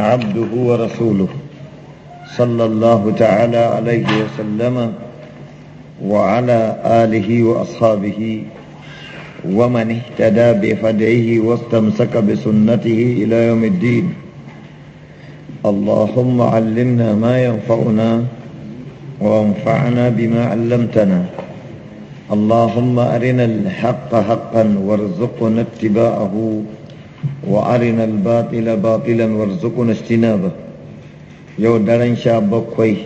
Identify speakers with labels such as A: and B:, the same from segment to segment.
A: عبده ورسوله صلى الله تعالى عليه وسلم وعلى آله وأصحابه ومن اهتدى بفدعه واستمسك بسنته إلى يوم الدين اللهم علمنا ما ينفعنا وانفعنا بما علمتنا اللهم أرنا الحق حقا وارزقنا اتباعه وارنا الباطل باطلا وارزقنا اجتنابه يو درن شا بكوي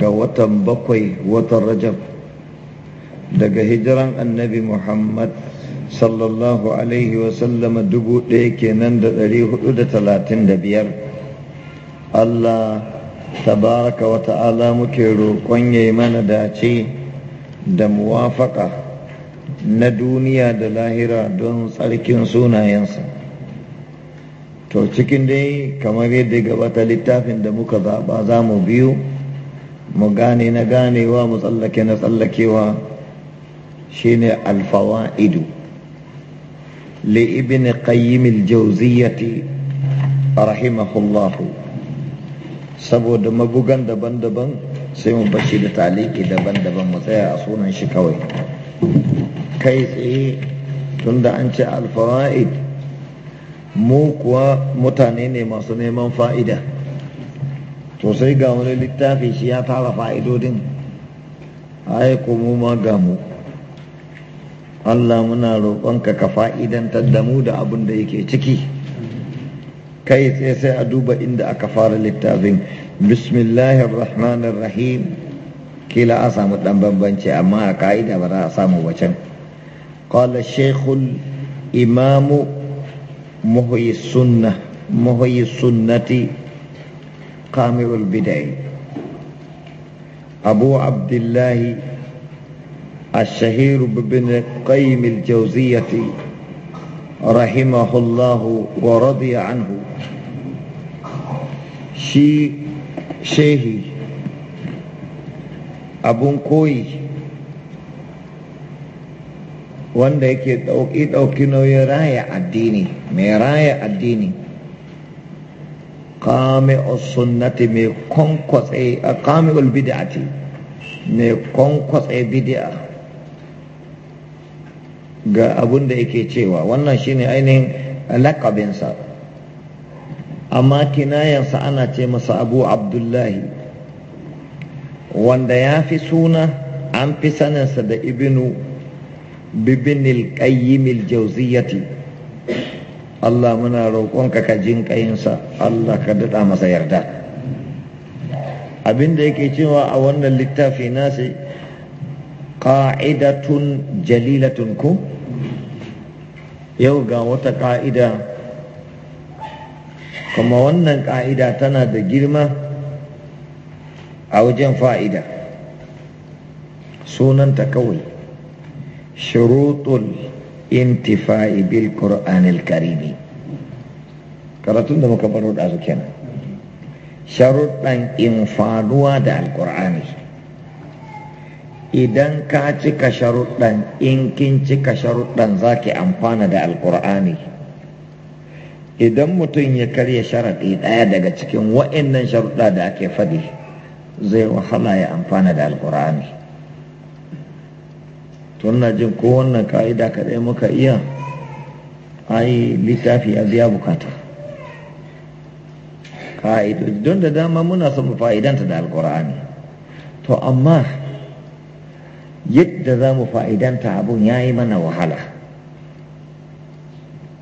A: ga watan bakwai watan rajab daga hijiran annabi muhammad sallallahu alaihi wasallama dubu ɗaya kenan da ɗari hudu da talatin da biyar allah tabaraka wata ala muke roƙon yayi mana dace da muwafaƙa na duniya da lahira don tsarkin sunayensa to cikin dai kamar yadda gabata littafin da muka zaɓa za mu biyu mu gane na ganewa mu tsallake na tsallakewa shine alfawa'idu li ibn ƙayyimil jauziyati rahimahullahu saboda mabugan daban-daban sai mu bashi da taliki daban-daban mu tsaya a sunan shi kawai kai tsaye tunda an ce alfara'id mu kuwa mutane ne masu neman fa'ida to sai ga wani littafi shi ya tara fa'idodin aiko mu ma ga mu Allah muna roƙonka ka fa'idantar da mu da abin da yake ciki kai tsaye sai a duba inda aka fara littafin bismillahir rahmanir rahim kila an samu ɗan bambanci amma a ka'ida ba za a samu wacan qala shaykhul imamu muhyi sunnati qamirul bid'ah abu abdullah الشهير بابن قيم الجوزية رحمه الله ورضي عنه abun koyi wanda yake ɗauki ɗauki nauyin raya addini mai raya addini kame sunnati mai kwankwatsa a kame mai kwankwatsa bidi'a ga abun da yake cewa wannan shine ainihin lakabinsa amma kinayansa ana ce masa abu abdullahi wanda ya fi suna an fi saninsa da Ibinu, bibinil ilkayyimil jauziyati Allah muna roƙonka ka jin ƙayinsa Allah ka daɗa masa yarda abinda yake cewa a wannan littafi nasi ƙa'idatun jalilatun ku yau ga wata ƙa'ida kuma wannan ƙa'ida tana da girma a wajen fa'ida sunanta kawai shurutul intifa'i bil qur'anil karatun da muka baro da su kenan sharuɗan infaduwa da alƙur'ani idan ka cika sharuɗan in kin cika sharuɗan za ki amfana da alƙur'ani idan mutum ya karya sharaɗi ɗaya daga cikin wa'innan sharuɗa da ake faɗi zai wahala ya amfana da alkur'ani tun na jin ko wannan ka'ida kaɗai muka iya ai littafi a biya bukata ka'idoji don da dama muna son fa'idanta da alkur'ani to amma yadda za mu fa'idanta abun ya yi mana wahala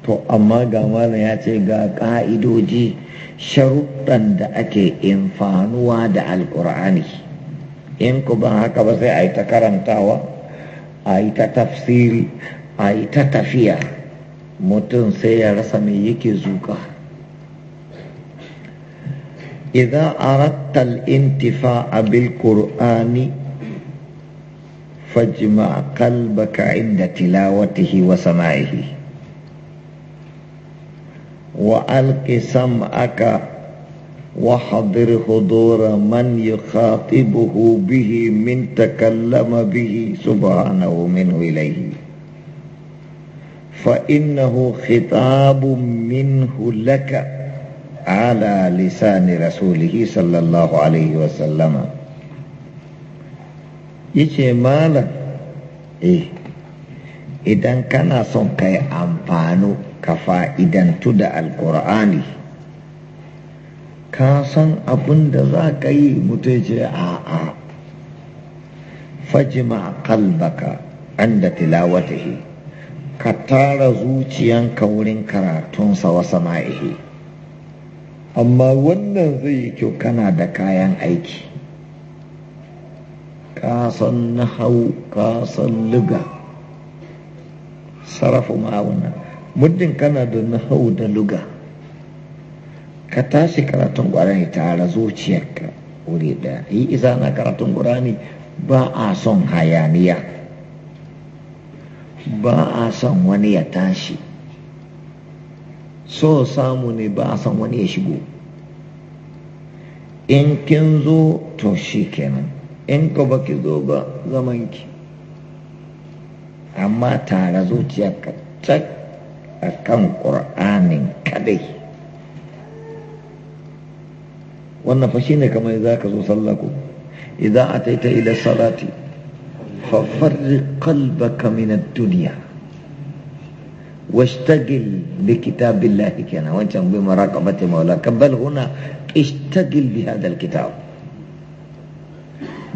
A: to amma ga malam ya ce ga ka'idoji sharuɗan da ake infanuwa da alkur'ani in ku ban haka ba sai a yi ta karantawa a yi ta tafsiri a yi ta tafiya mutum sai ya rasa mai yake zuka idan arattal intifa a bilƙur'ani fajima kalbaka inda tilawatihi wa sama'ihi وألق سمعك وحضر حضور من يخاطبه به من تكلم به سبحانه منه إليه فإنه خطاب منه لك على لسان رسوله صلى الله عليه وسلم يجي مالا إيه إذا كان son أمبانو ka fa'idantu da alkur'ani ka san abin da za ka yi mutu ce a'a fajima kalbaka an da tilawatahi ka tara zuciyanka wurin karatunsa wasa ma'ihi amma wannan zai yi kyau kana da kayan aiki kasan nahau kasan liga sarrafa ma'aunar muddin kana da nahau da luga ka tashi karatun ƙwarani tare zuciyarka wuri ɗaya yi isa na karatun ƙwarani ba a son hayaniya ba a son wani ya tashi so samu ne ba a son wani ya shigo in kin zo to shi kenan in ka ba ki zo ba zamanki amma tare zuciyarka cak Akan kan ƙur'anin kadai wannan fa shine kamar za ka zo sallah idan a taita ila salati fafarri kalbaka minar duniya washtagil bi kitabillahi kenan wancan bi maraqabati maula kabbal huna ishtagil bi hadal kitab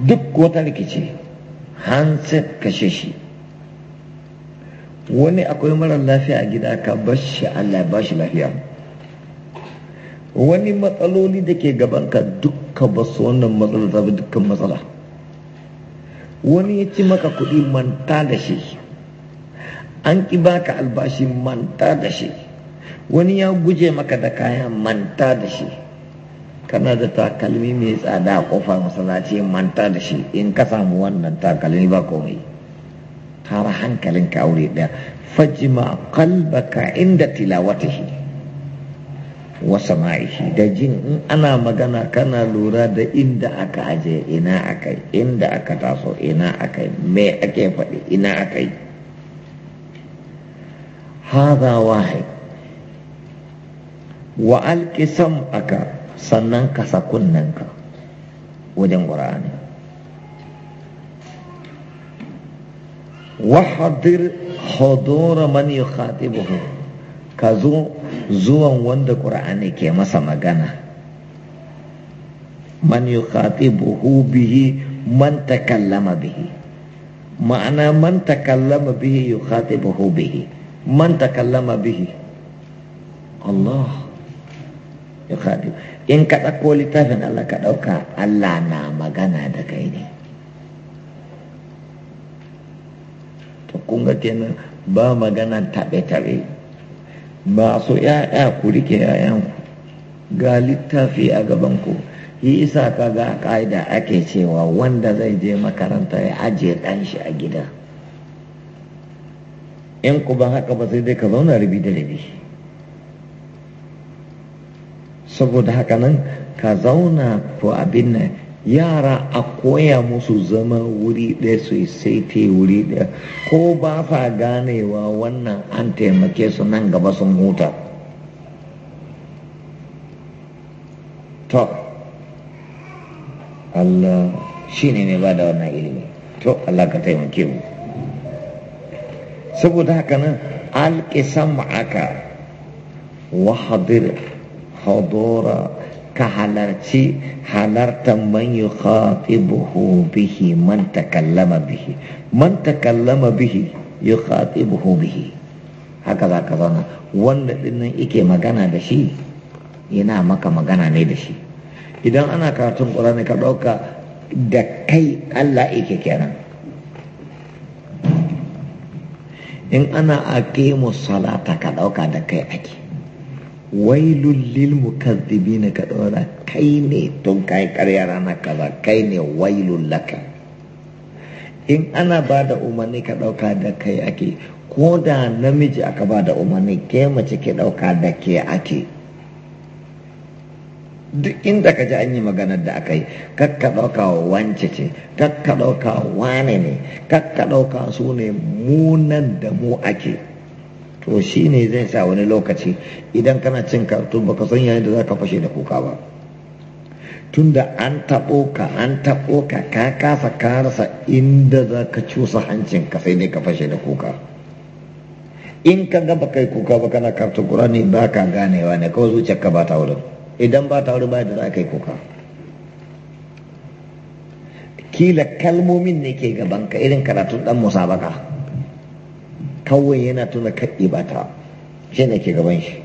A: duk wata rikici handset kashe shi wani akwai mara lafiya a gida ka bashi Allah ya bashi lafiya wani matsaloli da ke gabanka dukka ba su wannan matsala zabi dukkan matsala wani ya ci maka kuɗi manta da shi an ki baka albashi manta da shi wani ya guje maka da kayan manta da shi kana da takalmi mai tsada a ƙofar masallaci manta da shi in ka samu wannan takalmi ba komai tara hankalinka aure ɗaya fajima kalbaka inda tilawatihi wa sama'ihi da jin in ana magana kana lura da inda aka aje ina akai inda aka taso ina akai me ake faɗi ina akai haza wahai wa alqi aka sannan ka kunnenka wajen ƙura'ani wahadir hudura man yukhatibuhu ka zo zuwan wanda qur'ani ke masa magana man yukhatibuhu bihi man takallama bihi ma'ana man takallama bihi yukhatibuhu bihi man takallama bihi Allah yukhatibu in ka ɗauko littafin Allah ka ɗauka Allah na magana da kai ne to kun kenan ba magana taɓe-taɓe masu ‘ya'ya ku rike ‘ya'yanku ga littafi a gabanku yi isa ka ga ƙa'ida ake cewa wanda zai je makaranta ya ajiye ɗan shi a gida in ku ban haka ba sai dai ka zauna rabi da rabi saboda haka nan ka zauna ko abin nan yara a koya musu zama wuri ɗaya su saite wuri ɗaya ko ba fa ganewa wannan an taimake su nan gaba sun huta to Allah shi ne mai ba da wannan ilimi to Allah ka taimake mu saboda haka nan alƙisan ma'aka wahadir hadora ka halarci halartan man yi buhu bihi man takallama bihi man takallama bihi yi buhu bihi haka za ka zauna wanda dinnan ike magana da shi yana maka magana ne da shi idan ana karatun ƙurani ka ɗauka da kai allah ike kenan in ana ake salata ka ɗauka da kai ake wailul lil mukazzibina ka dora kai ne tun kai karya rana kaza kai ne wailul laka in ana ba da umarni ka dauka da kai ake ko da namiji aka ba da umarni ke mace ke dauka da ke ake duk inda ka ji an yi maganar da aka yi kakka ɗauka wance ce kakka ɗauka wane ne kakka ɗauka su ne munan da mu ake to shi ne zai sa wani lokaci idan kana cin kartu baka san yayin da za ka fashe da kuka ba tunda an taɓo ka an taɓo ka ka kasa karasa inda za ka cusa hancin ka sai ne ka fashe da kuka in ka ga baka yi kuka ba kana kartu kurani ba ka ganewa ne kawai zuciyar ka ba ta wurin idan ba ta wurin ba da za ka yi kuka kila kalmomin ne ke gaban ka irin karatun dan musabaka kawai yana tuna kaɗi ba ta shi ne ke gaban shi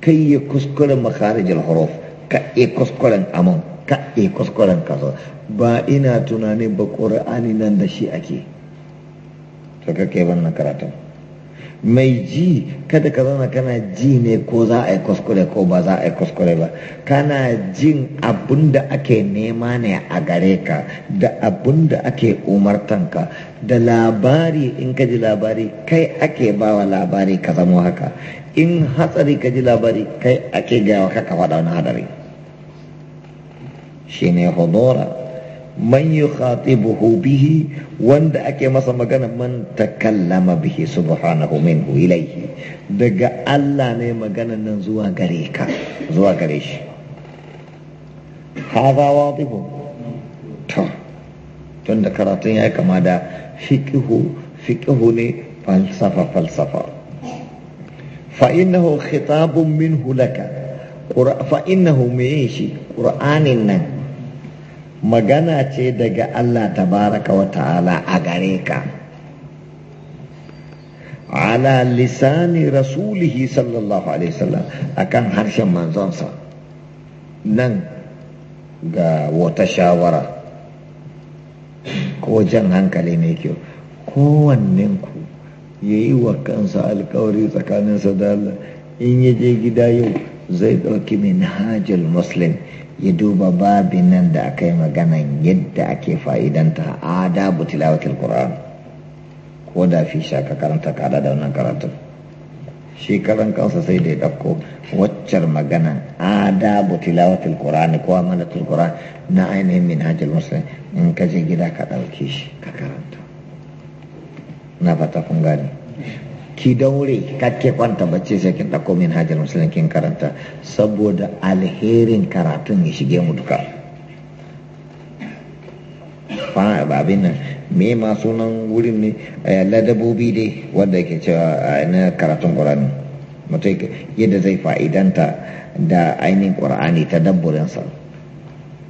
A: kai yi kuskuren makarajin huruf kaɗi kuskuren amon kaɗi kuskuren kaso ba ina tunanin ba ƙura'ani nan da shi ake to kake wannan karatun mai ji kada ka zana kana ji ne ko za a yi kuskure ko ba za a yi kuskure ba kana jin abun da ake nema ne a gare ka da abun da ake umartanka da labari in ka ji labari kai ake bawa labari ka zamo haka in hatsari ka ji labari kai ake gawa kaka faɗa wani hadari shi ne hudura man yukhatibuhu bihi wanda ake masa magana man takallama bihi subhanahu minhu ilayhi daga Allah ne maganan nan zuwa gare ka zuwa gare shi hadha wadihun to tunda karatun ya kama da fiqhu fiqhu ne falsafa falsafa fa innahu khitabun minhu laka fa innahu mai shi ƙura'anin nan magana ce daga Allah ta baraka wa ta'ala a gare ka ala lisani rasulihi sallallahu alaihi wasallam akan harshen manzonsa nan ga wata shawara ko jan hankali mai kyau ku ya yi wa kansa alkawari tsakaninsa da Allah in ya je gida yau zai ɗauki min hajjal muslim ya duba babin nan da aka yi maganan yadda ake fa'idanta adabu tilawatul qur'an ko da fi shaka karanta kada da wannan karatun shi karan kansa sai da ya ɗauko waccar maganan adabu tilawatul qur'an ko amalatul qur'an na ainihin minhajul muslim in ka je gida ka ɗauki shi ka karanta na fata kun gane ki daure kake kwanta bacci sai kin ɗauko min hajar musulun kin karanta saboda alherin karatun ya shige mu duka abin nan me ma sunan wurin ne eh, ladabobi dai wanda ke cewa eh, na karatun ƙurani mutai yadda zai fa'idanta da ainihin ƙur'ani ta dabburinsa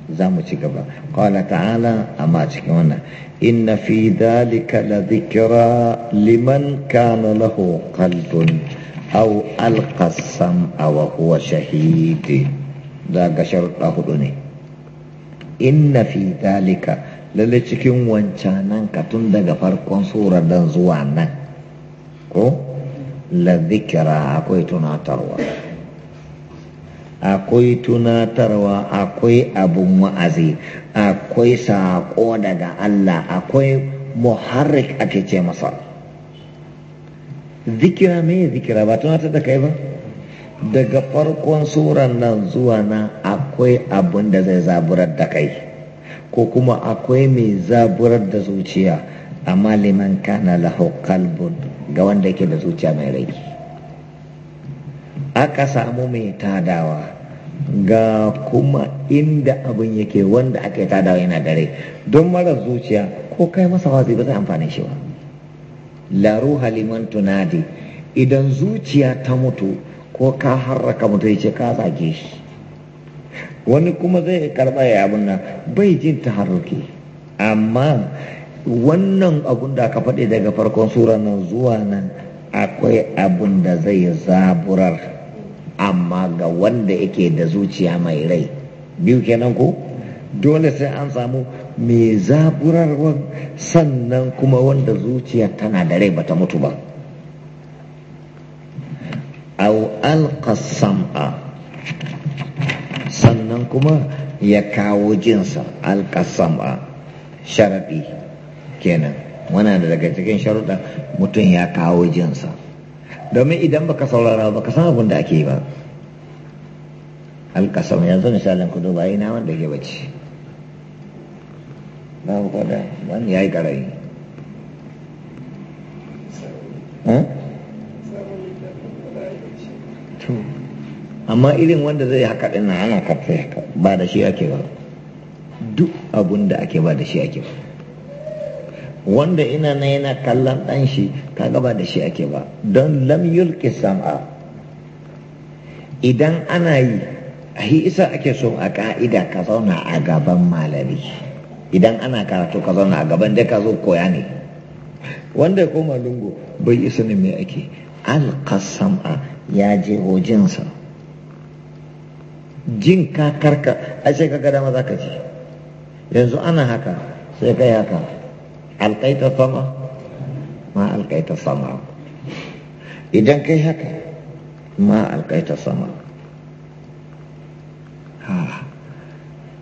A: za mu ci gaba ƙwala ta'ala amma cikin wannan inna fi dhalika la zikira liman kana lahu qalbun aw alqa sam'a wa huwa shahid da ga sharuɗa hudu ne inna fi dhalika lalle cikin wancanan ka tun daga farkon sura dan zuwa nan ko la zikira akwai tunatarwa akwai tunatarwa akwai abun wa'azi akwai saƙo daga Allah akwai muharrik ake ce masa zikira me zikira ba tunatar da kai ba daga farkon suran nan zuwa na akwai abun da zai zaburar da kai ko kuma akwai mai zaburar da zuciya amma liman kana lahu ga wanda yake da zuciya mai rai aka samu mai tadawa ga kuma inda abin yake wanda aka yi tadawa yana dare don mara zuciya ko kai masa wazi ba zai amfani shi ba laru haliman tunadi idan zuciya ta mutu ko ka harraka mutu ya ce ka zage shi wani kuma zai karɓa ya abin nan bai jin ta harruke amma wannan abun da aka faɗi daga farkon sura nan zuwa nan akwai abun da zai zaburar amma ga wanda yake da zuciya mai rai biyu kenan ko dole sai an samu mai zaburarwar sannan kuma wanda zuciya tana da rai bata mutu ba au alƙasam'a sannan kuma ya kawo jinsa alƙasam'a sharaɗi kenan wana daga cikin sharuɗa mutum ya kawo jinsa domin idan baka saurara baka san abin da ake yi ba alkasam yanzu misalin ku duba ina wanda ke bacci na kwada wani ya yi karayi amma irin wanda zai haka ɗin na ana karfe ba da shi ake ba duk abun da ake ba da shi ake ba wanda ina na yana kallon ɗan shi ta gaba da shi ake ba don lam yulki sam'a idan ana yi hi isa ake so a ka'ida ka zauna a gaban malami idan ana karatu ka zauna a gaban da ka zo koya ne wanda ya koma lungu bai yi sanin mai ake alkasam'a ya je hojinsa jin kakarka karka a sai ka gada maza ka ci. yanzu ana haka sai ka yi haka alƙaita sama ma alƙaita sama idan kai haka ma alƙaita sama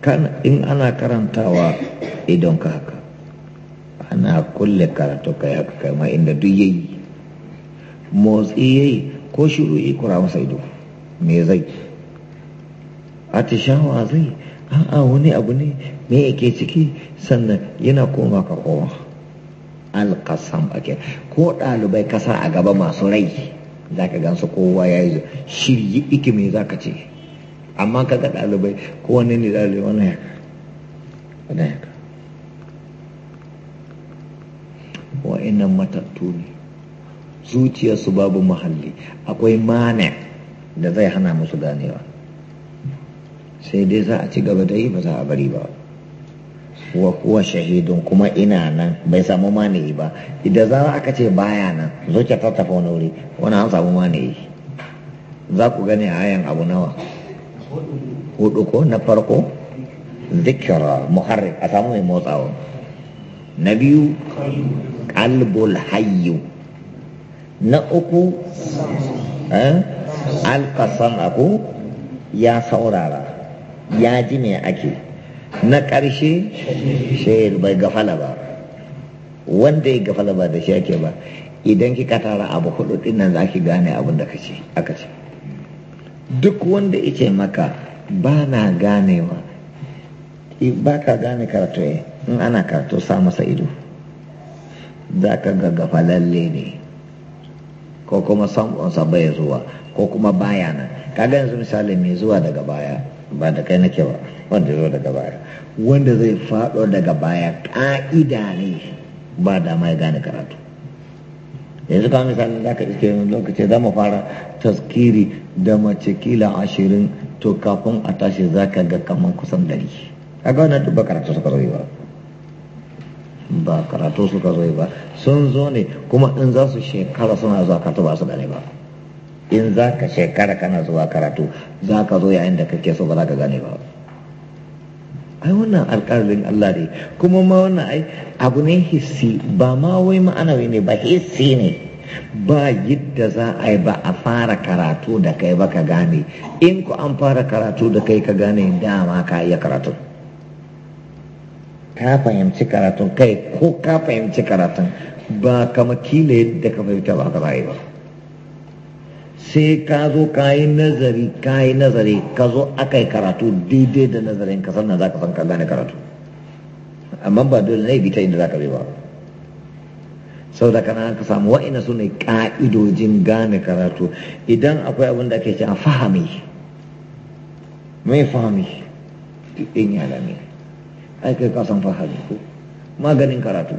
A: kan in ana karantawa idan ka haka ana kulle karatu kai haka kai ma inda duk yayi motsi yayi ko shiru ikura masa ido me zai atishawa zai a'a wani abu ne me yake ciki sannan yana koma ka koma a ake ko ɗalibai kasa a gaba masu rai za ka gansu kowa ya yi shirye ikimi za ka ce amma ka ga ɗalibai ko wani ne ɗalibai wani yaka wani yaka wa'innan matattu ne zuciyarsu babu muhalli akwai mana da zai hana musu ganewa sai dai za a ci gaba da yi ba za a bari ba wa kuwa shahidun kuma ina nan bai samu mani'i ba idan za aka ce baya nan zuciya ta tafi wani wuri wani an samu mani'i za ku gani a ayan abu nawa hudu ko na farko zikira muharrik a samu mai motsawa na biyu kalbul hayyu na uku eh, alkasan aku ya saurara ya ji ne ake na ƙarshe shayar bai gafala ba wanda ya gafala ba da shi ake ba idan kika tara abu hudu din nan ki gane abin da aka ce duk wanda yake maka ba na ganewa ba ka gane karatu eh. in ana karatu sa masa ido za ka ga lalle ne ko kuma ba bai zuwa ko kuma baya nan gani yanzu misali mai zuwa daga baya ba da kai nake ba wanda zo daga baya wanda zai faɗo daga baya ƙa'ida ne ba da ma ya gane karatu yanzu kawai misalin za ka iske lokaci za mu fara taskiri da mace kila ashirin to kafin a tashi za ka ga kaman kusan dari a ga wannan dubba karatu suka zo ba ba karatu suka zo ba sun zo ne kuma in za su shekara suna zuwa karatu ba su gane ba in za ka shekara kana zuwa karatu za ka zo yayin da kake so ba za ka gane ba ai wannan alƙalin Allah ne kuma ma wannan ai abu ne hissi ba ma wai ma'anawi ne ba hissi ne ba yadda za a yi ba a fara karatu da kai ba ka gane in ku an fara karatu da kai ka gane dama ka iya karatu ka fahimci karatun kai ko ka fahimci karatun ba kama kila yadda ka fahimta ba ka ba sai ka zo ka yi nazari ka yi nazari ka zo aka yi karatu daidai da nazarin ka sannan za ka san ka gane karatu amma ba dole ne bi ta inda za ka bi ba sau da kana ka samu wa'ina su ne ka'idojin gane karatu idan akwai abin da ake cewa fahami mai fahami in yalami ai kai ka san fahami ko maganin karatu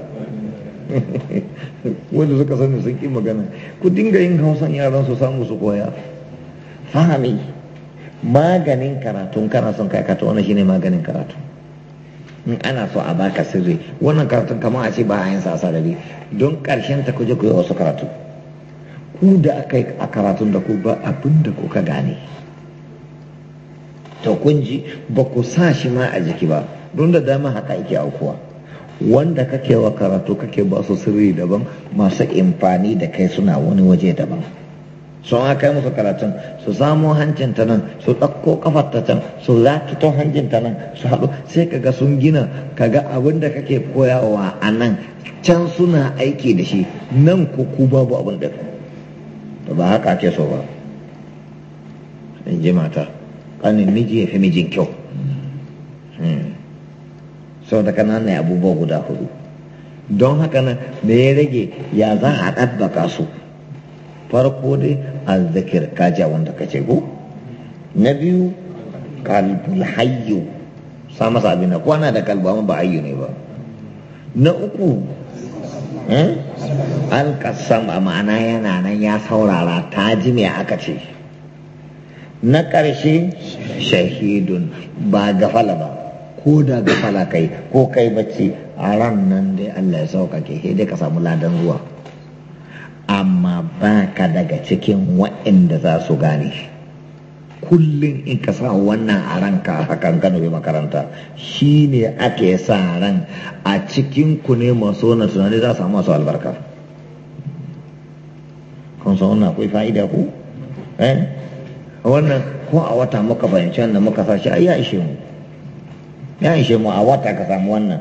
A: wanda suka sani sun ki magana ku dinga yin hausan yaran su samu su koya fahami maganin karatu kana son kai karatu wannan shine maganin karatu in ana so a baka sirri wannan karatun kamar a ce ba a yin sa sadari don karshen ta kuje ku yi wasu karatu ku da aka yi a karatun da ku ba abin da kuka gane to kun ji ba ku sa shi ma a jiki ba don da dama haka yake aukuwa wanda kake wa karatu kake ba su sirri daban masu imfani da kai suna wani waje daban sun kai musu karatun su samo hancin ta nan su ɗauko kafar ta can su ta hancin ta nan su haɗu sai kaga sun gina kaga abin da kake koyawa a nan can suna aiki da shi nan ko ku babu abin da ba haka ake so ba in ji mata ƙanin miji ya fi mijin kyau hmm. sau da ne abubuwa guda hudu don haka nan da ya rage ya za a ɗabbaka su farko dai zakir kaja wanda ka ce ko na biyu kalbul hayyu sa masa abin da kwana da kalba ba ayyu ne ba na uku eh, alƙasam a ma'ana yana nan ya saurara ta ji me aka ce na ƙarshe shahidun ba gafala ba ko da ga kai ko kai bacci a ran nan dai Allah ya sauƙaƙe sai dai ka samu ladan zuwa amma ba ka daga cikin waɗanda za su gane kullum in ka sa wannan a ranka hakan gano bai makaranta shi ne ake sa ran a cikin ku ne masu wani tunani za su samu masu albarka kun san wannan akwai fa'ida ku eh? wannan ko a wata muka fahimci wannan muka sa shi ai ya ishe mu ya yi mu a wata ka samu wannan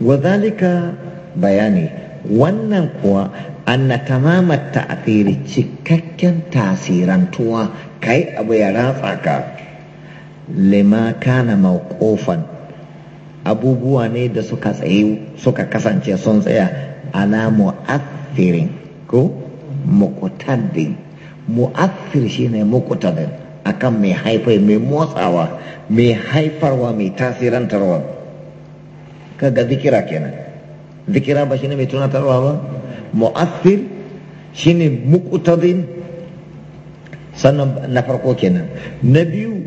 A: zalika bayani wannan kuwa an na tamamar ta'afiri cikakken tasirantuwa kai abu ya ratsa ka lima kana mawqufan abubuwa ne da suka tsaye suka kasance sun tsaya ala mu'athirin ko muqtadin shi shine muqtadin akan mai haifai mai motsawa mai haifarwa mai tasirantarwa kaga zikira kenan zikira ba shine mai tunatarwa ba mu'assir shine muqtadin sannan na farko kenan na biyu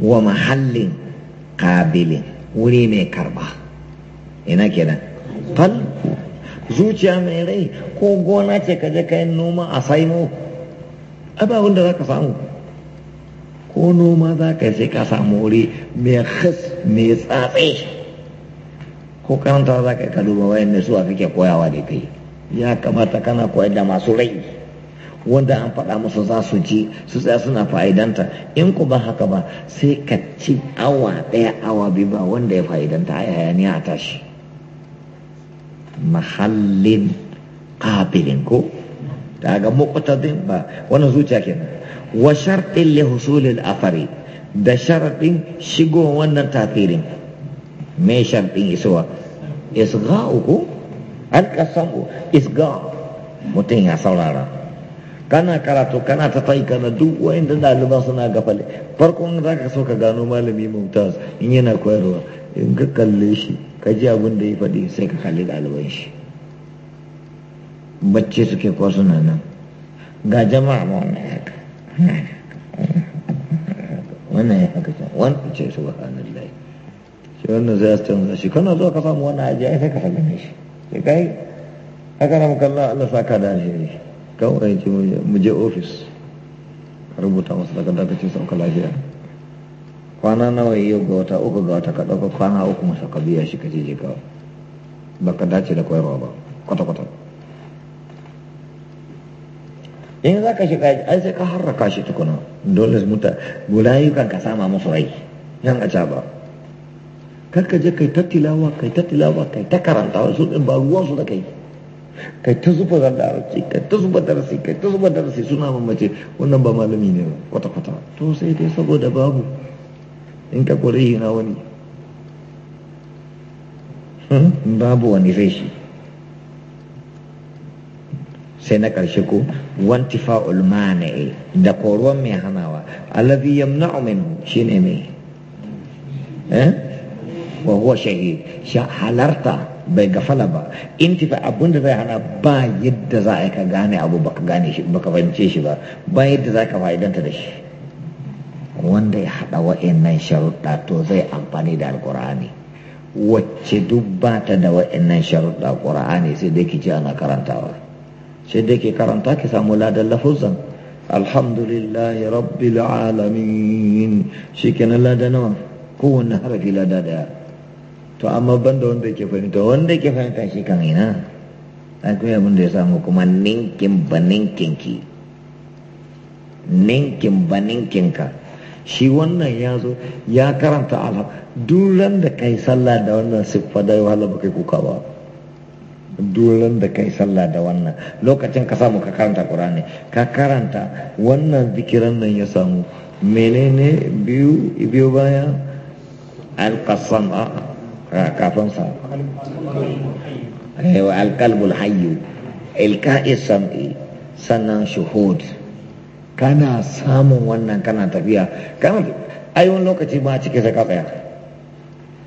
A: wa mahallin kabilin. wuri mai karba ina kenan fal zuciya mai rai ko gona ce kaje kayan noma a saimo abawun da zaka samu ko noma za ka sai ka samu wuri mai khas mai tsatse ko karanta za ka ka duba wayan su a kake koyawa da kai ya kamata kana koyar da masu rai wanda an faɗa musu za su ji su tsaya suna fa'idanta in ku ba haka ba sai ka ci awa ɗaya awa biyu ba wanda ya fa'idanta a ne a tashi mahallin ƙabilin ko daga muƙutadin ba wannan zuciya kenan wa sharɗin li husulil afari da sharaɗin shigo wannan tafirin me sharɗin isuwa isga'uku alƙasamu isga mutum ya saurara kana karatu kana ta tai kana duk wa'inda ɗaliban suna gafale farkon za ka so ka gano malami mumtaz in yana koyarwa in ka kalle shi ka ji abin da ya faɗi sai ka kalli ɗaliban shi bacci suke ko suna nan ga jama'a ma wannan ya haka can wani ce su hannun lai shi wannan zai canza shi kana zuwa ka samu wannan ajiya sai ka ne shi ya kai haka na mukalla Allah sa ka da Kan kawai ce mu je ofis ka rubuta masa daga daga cin sauka lafiya kwana nawa yau ga wata uku ga wata ka ɗauka kwana uku masa ka biya shi ka je je ka ka dace da koyarwa ba kwata-kwata in za ka shiga ai sai ka harraka shi tukuna dole muta gulayukan ka sama musu rai yan a ba kar ka je kai ta tilawa kai ta tilawa kai ta karanta wasu din ba ruwan su da kai kai ta zuba zan larabci kai ta zuba darasi kai ta zuba darasi suna mamace wannan ba malami ne ba kwata kwata to sai dai saboda babu in ka kore na wani hmm? babu wani zai shi sai na ƙarshe ko wantifa ulmane da koruwan mai hanawa allazi yamna'u minhu shine mai eh wa huwa shahid sha halarta bai gafala ba intifa abinda zai hana ba yadda za a yi ka gane abu baka gane shi fahimce shi ba ba yadda za ka fa'idanta da shi wanda ya haɗa wa'annan sharuɗa to zai amfani da alkur'ani wacce duk ba ta da wa'annan sharuɗa ƙur'ani sai dai ki ce ana karantawa sai dai ke karanta ki samu ladan lafuzan alhamdulillahi rabbil alamin shikenan lada nawa kowanne harafi lada daya to amma banda wanda ke fahimta wanda ke fahimta shi kan ina kuma yamin da ya samu kuma ninkin ba ninkin ki ninkin ba ninkin ka shi wannan ya zo ya karanta alhamdulillah duk da kai sallah da wannan siffa da wahala ba kai kuka ba dolan da kai sallah da wannan lokacin ka samu ka karanta Qur'ani. ka karanta wannan zikiran nan ya samu menene biyu biyu baya alƙasam a ah, kafin sa eh, alƙalbul hayyu ilka'i sam'i sannan shuhud kana samun wannan kana tafiya kana ai wani lokaci ma cike sai ka tsaya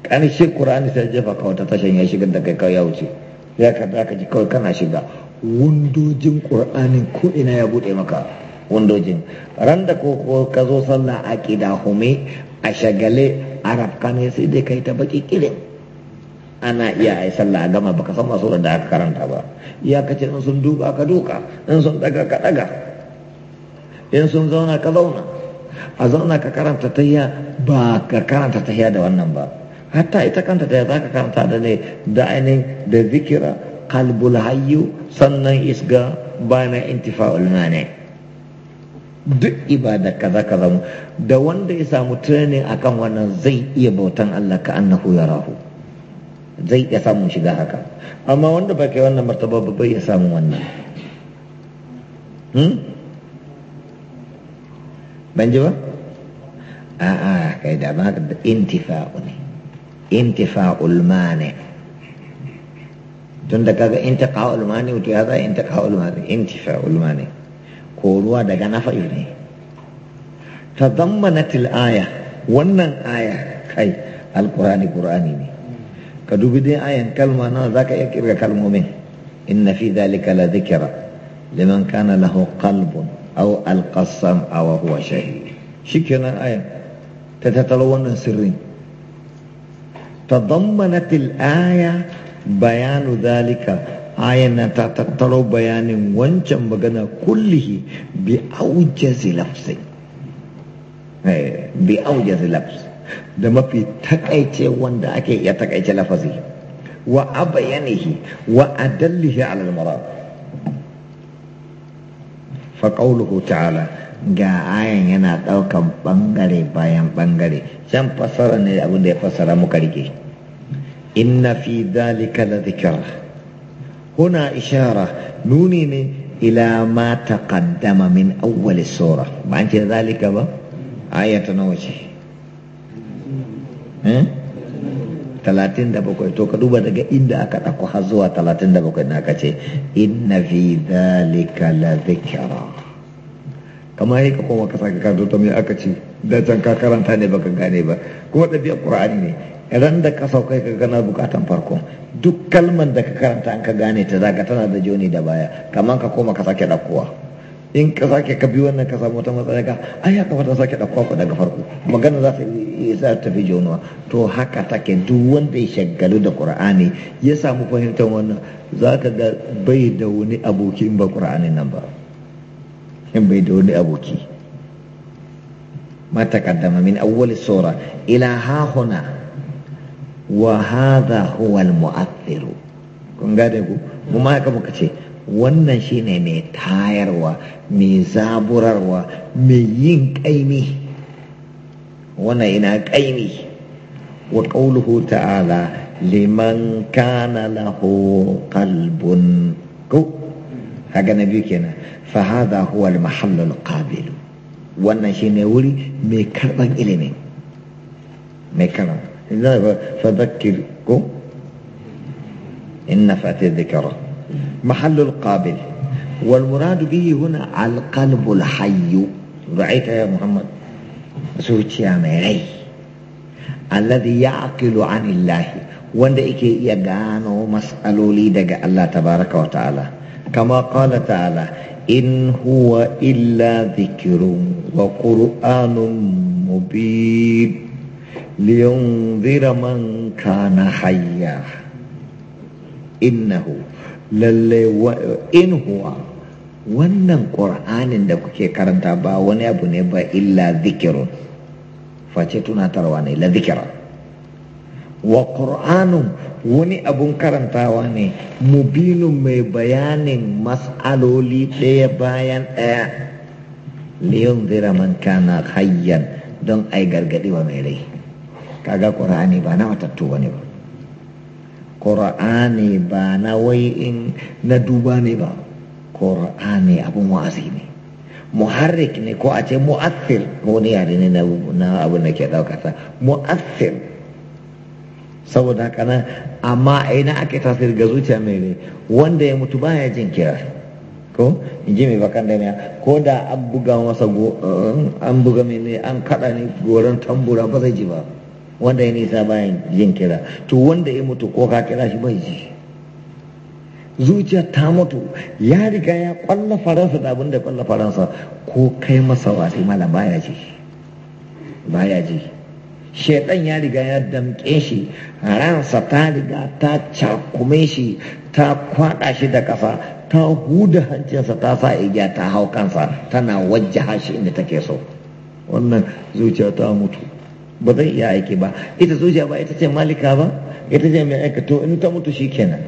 A: ƙarshe ƙur'ani sai jefa ka wata tashin ya shiga da kai kawai ya wuce ya ka ji kawai kana shiga wundojin ƙur'anin ko ina ya buɗe maka wundojin Randa da ko ka zo sallah a hume a shagale a sai dai kai ta baki ƙirin. ana iya a yi sallah a gama baka san masu da aka karanta ba iyakacin in sun duba ka duka in sun daga ka daga in sun zauna ka zauna a zauna ka karanta ta ba ka karanta ta da wannan ba hatta ita kanta da za ka karanta da ne da ainihin da zikira kalbul hayyu sannan isga bana intifa'ul mane duk ibada kaza kaza da wanda ya samu training kan wannan zai iya bautan Allah ka annahu yarahu zai iya samun shiga haka amma wanda ba kai wannan martaba ba bai samu samun wannan hmm? ban ji ba a'a kai da ba intifa'u ne intifa'ul mani tun da kaga intifa'ul mani wato ya za intifa'ul mani intifa'ul mani ko daga nafa'i ne ta zammanatil aya wannan aya kai alkurani kurani ne ka dubi dai ayan kalma nawa za ka iya kirga kalmomin na fi zalika la zikira liman kana lahu qalbun aw alqassam aw huwa shahid shikenan ayan ta tattalo wannan sirrin تضمنت الآية بيان ذلك آية تتطلع بيان وانشم بغنا كله بأوجز لفظ بأوجز لفظ da mafi takaice wanda ake iya taƙaice lafazi wa abayanihi wa adallihi alal fa ga ayan yana ɗaukan bangare bayan bangare can fasara ne abin da ya fasara muka rike inna fi dalika la dhikra huna ishara nuni ne ila ma taqaddama min awwal sura ba an ce dalika ba ayata nawa ce eh 37 to ka duba daga inda aka dauko har zuwa 37 na kace inna fi dalika la dhikra kamar yi ka koma ka saka ta mai aka ci da can ka karanta ne baka gane ba kuma ɗabi'ar ƙur'ani ne ran da ka saukai ka gana bukatan farko duk kalman da ka karanta an ka gane ta zaka tana da joni da baya kamar ka koma ka sake ɗaukowa in ka sake ka bi wannan ka samu wata matsala ka ai haka fata sake ɗaukowa ku daga farko magana za ta yi za ta fi jonuwa to haka take duk wanda ya shagalu da ƙur'ani ya samu fahimtar wannan za ka ga bai da wani abokin ba ƙur'anin nan ba. in bai da wani aboki ma taqaddama min awwal sura ila ha huna wa hadha huwa al mu'aththir kun gane ku mu ma muka ce wannan shine mai tayarwa mai zaburarwa mai yin kaimi wannan ina kaimi wa qawluhu ta'ala liman kana lahu qalbun ko haka na biyu kenan fa hadha huwa al al qabil wannan shine wuri mai karban ilimi mai karam fa ku ko in tadhkara mahall al qabil wal murad bihi huna al al hayy ra'aita ya muhammad zuciya mai rai alladhi ya'qilu anillahi wanda yake iya gano mas'aloli daga Allah tabaraka wa ta'ala كما قال تعالى إن هو إلا ذكر وقرآن مبين لينذر من كان حيا إنه lalle wa wannan ƙur'anin da kuke karanta ba wani abu ne ba illa zikirun face tunatarwa ne la zikirun wa qur'anun wani abun karantawa ne mubinun mai bayanin mas'aloli ɗaya bayan ɗaya liyun zira man kana hayyan don ai gargaɗi wa mai rai kaga ƙur'ani ba na matattu wani ba ƙur'ani ba na in na duba ne ba ƙur'ani abun wa'azi ne muharrik ne ko a ce ko wani yare ne na abun da ke ɗaukata mu'assir saboda haka nan amma a ina ake tasiri ga zuciya mai ne wanda ya mutu baya jin kira ko in ji mai bakan da ko da an buga masa eh, an buga mai ne an kaɗa ne goran tambura ba zai ji ba wanda ya nisa bayan jin kira to wanda ya mutu ko ka kira shi bai ji zuciya ta mutu ya riga ya kwalla faransa da abin da kwalla faransa ko kai masa wasi mala baya ji baya ji shaidan ya riga ya damƙe shi ransa ta riga ta cakume shi ta kwaɗa shi da ƙasa ta huda hancinsa ta sa igiya ta hau kansa tana wajja shi inda take so wannan zuciya ta mutu ba zai iya aiki ba ita zuciya ba ita ce malika ba ita ce mai aikato in ta mutu shi kenan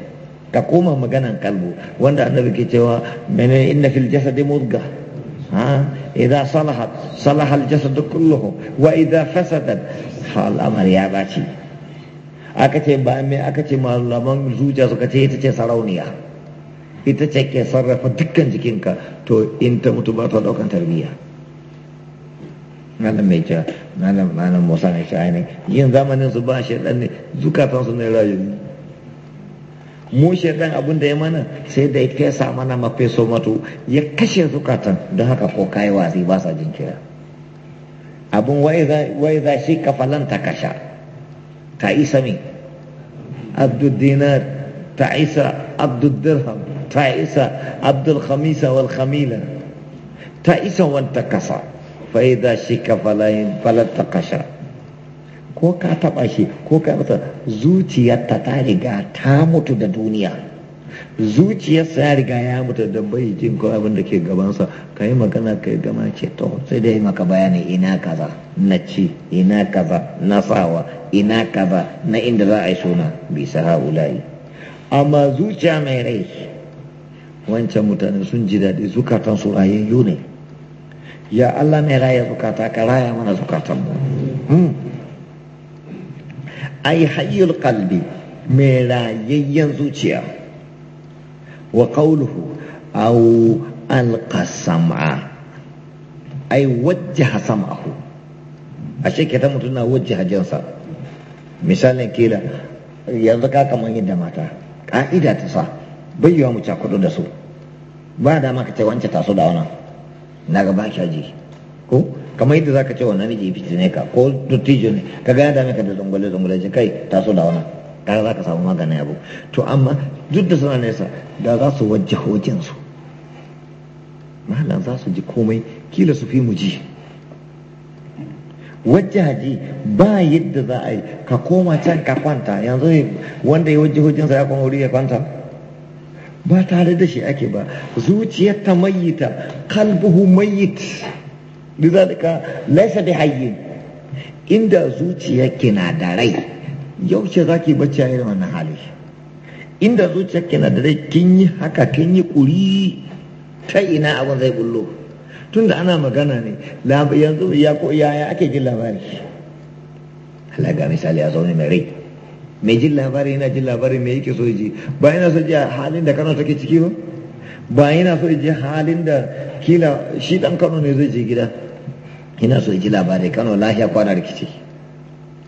A: ka koma maganan kalbu wanda annabi ke cewa mene inna fil jasadi mudga إذا صلحت صلح الجسد كله وإذا فسدت فالأمر يا باتي aka ce ba aka ce malaman zuciya suka ce ita ce sarauniya ita ce ke sarrafa dukkan jikinka to in ta mutu ba ta daukan tarbiyya malam mai ce malam musa mai ce ainihin yin zamanin su ba shi ne zukatan su ne rayu mu shaidan abin da ya mana sai da ya fesa mana so mato ya kashe zukatan don haka ko kayi watsi ba sa jin kira abin wai za shi kafalan ta kasha ta isa min abdul dinar ta isa abdul dirham ta isa abdul khamisa wal khamila ta isa wanta kasa fa'ida shi kafalan ta kasha ko ka taba shi ko ka masa zuciyarta ta riga ta mutu da duniya zuciyarsa ya riga ya mutu da bai jin ko abin da ke gabansa ka yi magana ka yi gama ce to sai dai maka bayani ina kaza na ci ina kaza na sawa ina kaza na inda za a yi suna bisa haulayi amma zuciya mai rai wancan mutane sun ji daɗi zukatan su rayayyu ne ya Allah mai raya zukata ka raya mana zukatan mu hmm. ai hayyul qalbi mai rayayyen zuciya wa qawluhu aw alqasama ai wajjaha sam'ahu ashe ke ta na wajjaha jinsa misalin kila yanzu ka kamar yadda mata ka'ida ta sa bayyawa mu cakudu da su ba da maka ce wance taso da wannan na gaba ki aji ko kamar yadda zaka ce wa namiji ne ka ko dottijo ne ka gane da maka da zungule zungule ce kai taso da wannan kaga zaka samu maganin abu to amma duk da suna nesa da za su wajja hojin su malam za su ji komai kila su fi mu ji haji ba yadda za a yi ka koma can ka kwanta yanzu wanda ya wajja hojinsa ya kwan wuri ya kwanta ba tare da shi ake ba zuciyar ta mayyita kalbuhu mayyit لذلك ليس بحي da zuciyarki na da rai yaushe za ki bacci a irin wannan hali inda zuciyarki na da rai kin yi haka kin yi ƙuri ta ina abin zai bullo tunda ana magana ne yanzu ya ko yaya ake jin labari Allah ga misali a zaune mai rai mai jin labari yana jin labari mai yake so ji ba yana so ji halin da kano take ciki ba ba yana so ji halin da kila shi dan kano ne zai je gida ina so ji labarai kano lahiya kwana rikici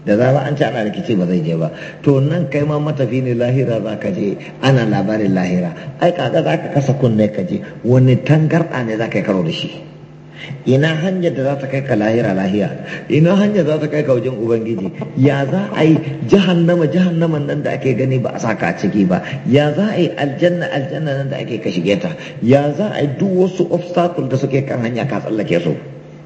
A: da zama an ci ana rikici ba zai je ba to nan kai ma matafi ne lahira za ka je ana labarin lahira ai kaga za ka kasa kunne ka je wani tangarɗa ne za ka yi karo da shi ina hanyar da za ta kai ka lahira lahiya ina hanyar za ta kai ka wajen ubangiji ya za a yi jahannama jahannaman nan da ake gani ba a sa ka ciki ba ya za a yi aljanna aljanna nan da ake ka shige ta ya za a yi duk wasu obstacle da suke kan hanya ka tsallake su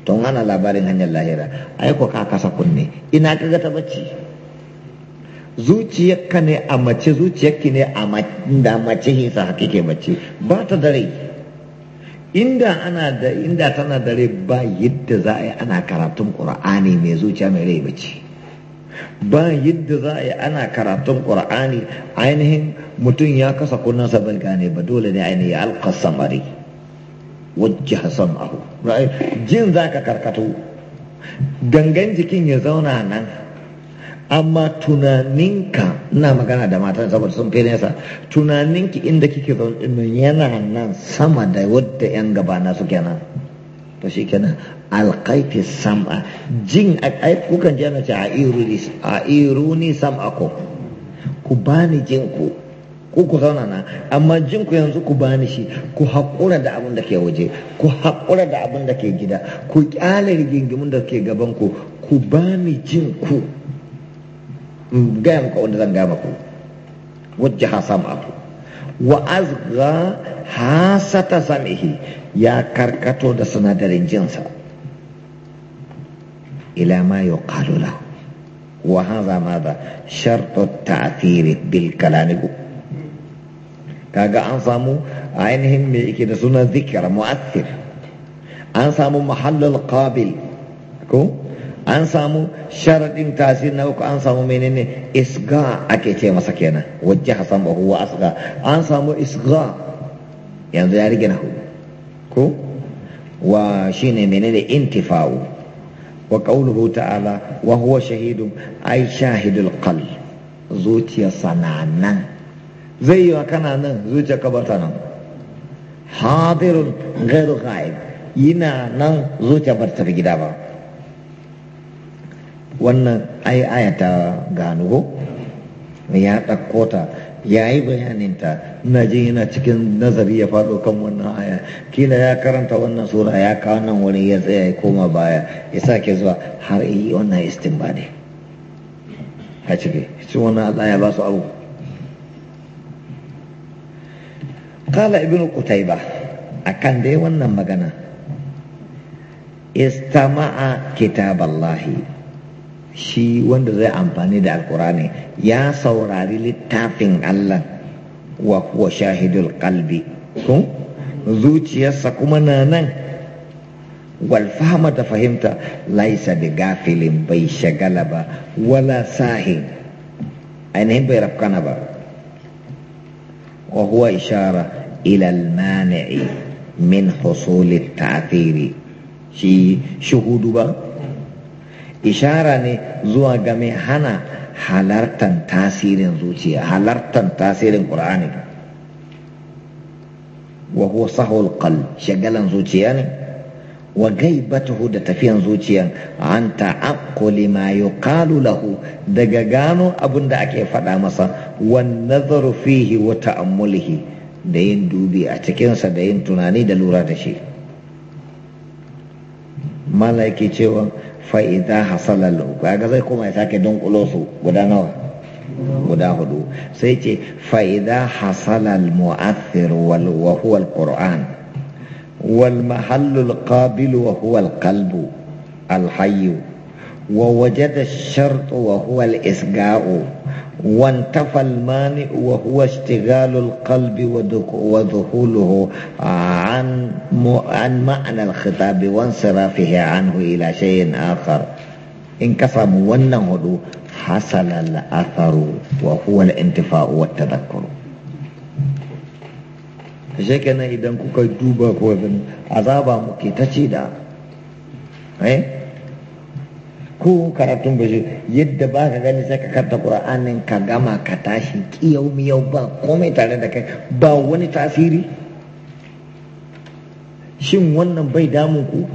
A: don hana labarin hanyar lahira aiko ka kasa kunne ina kaga ta bacci zuciyarka ne a mace zuciyarki ne a da mace hisa haka ke mace ba ta dare inda ana da inda tana dare ba yadda za a yi ana karatun qur'ani mai zuciya mai rai bace ba yadda za a yi ana karatun qur'ani ainihin mutum ya kasa kunnansa bai gane ba dole ne ainihin ya alƙasamari mare wajjaha sam'ahu jin zaka karkato gangan jikin ya zauna nan amma tunaninka na magana da matan saboda sun fi nesa tunaninki inda kike zaune nan yana nan sama da wadda yan gabana su kenan to shi kenan alkaifi sam'a jin ai kukan ji ana ce a iruni sam'akum ku bani jinku ko ku zauna na amma jin ku yanzu ku bani shi ku haƙura da abin da ke waje ku haƙura da abin da ke gida ku ƙyale rigingimin da ke gaban ku ku bani jin ku gaya muku wanda zan gama ku wajja hasa ma'afu wa azga hasata sam'ihi ya karkato da sinadarin jinsa ila ma yuqalu ma وهذا ماذا شرط bil بالكلام kaga an samu ainihin mai yake da suna zikir mu'assir an samu mahallul qabil ko an samu sharadin tasir na uku an samu menene isga ake ce masa kenan wajja hasan ba huwa asga an samu isga yanzu ya rige na ko wa shine menene intifa'u wa qawluhu ta'ala wa huwa shahidun ay shahidul qalb zuciya sananan zai yi wa kana nan zuciya kabarta nan hadirun gairu ghaib yana nan zuciya ba ta tafi gida ba wannan ai ayata gano ko ya ɗauko ta ya yi ta na jin yana cikin nazari ya faɗo kan wannan aya kila ya karanta wannan sura ya kawo nan wani ya tsaya ya koma baya ya sake zuwa har yi wannan istinbadi a ciki shi wannan Allah ya ba su abu kala ibn qutayba akan dai wannan magana istama'a kitaballahi shi wanda zai amfani da alkurani ya saurari littafin Allah wa kuwa shahidul qalbi kun zuciyarsa kuma na nan wal fahma fahimta laisa bi gafilin bai shagala ba wala sahin ainihin bai rafkana ba وهو إشارة إلى المانع من حصول التأثير شي شهود با إشارة ني زوا غمي هنا حلرتن تأثير زوجي حلرتن تأثير القرآن وهو صحو القلب شغلا زوجي يعني وغيبته da tafiyan zuciyan an ta'aqquli ma yuqalu lahu daga gano abin da ake faɗa masa والنظر فيه وتأمله da yin dubi a cikinsa da yin tunani da lura da shi mala yake cewa fa'iza hasalalo kaga zai kuma ya sake dunkulo guda nawa guda hudu sai ce fa'iza hasalal mu'athir wa huwa al-qur'an wal kalbu alhayyu wa huwa al-qalbu isgau وانتفى المانع وهو اشتغال القلب ودخوله عن عن معنى الخطاب وانصرافه عنه إلى شيء آخر انقسم ونه حصل الأثر وهو الانتفاء والتذكر shi kenan idan kuka duba ko azaba muke ta ce da eh ko karatun ba yadda ba ka gani sai ka karta ƙura'anin ka gama ka tashi kiyau miyau ba komai tare da kai ba wani tasiri shin wannan bai damun ku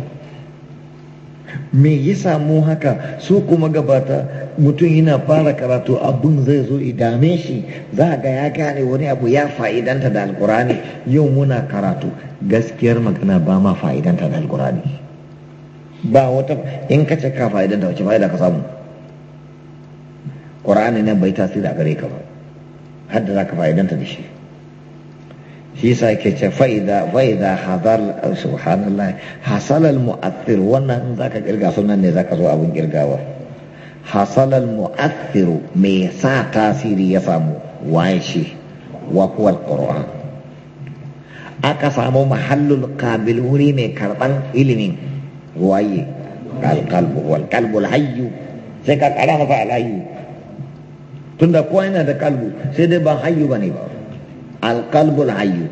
A: me yasa samu haka su kuma gabata mutum yana fara karatu abun zai zo idame shi za a ga ya gane wani abu ya fa'idanta da alkurani yau muna karatu gaskiyar magana ba ma fa'idanta da alkurani ba wata in ka ce ka fa'idan da wace fa'ida ka samu ƙura'ani nan bai tasiri a gare ka ba har da za ka fa'idanta da shi shi sa ke ce fa'ida fa'ida hazar subhanallah hasalal mu'athir wannan in za ka kirga sunan ne za ka zo abin kirgawa hasalal mu'athir me sa tasiri ya samu waye shi wa huwa al aka samu mahallul qabil wuri mai karban ilimin waye alkalbu wal kalbu alhayyu sai ka kara masa alhayyu tunda kowa yana da kalbu sai dai ba hayyu bane ba alkalbu alhayyu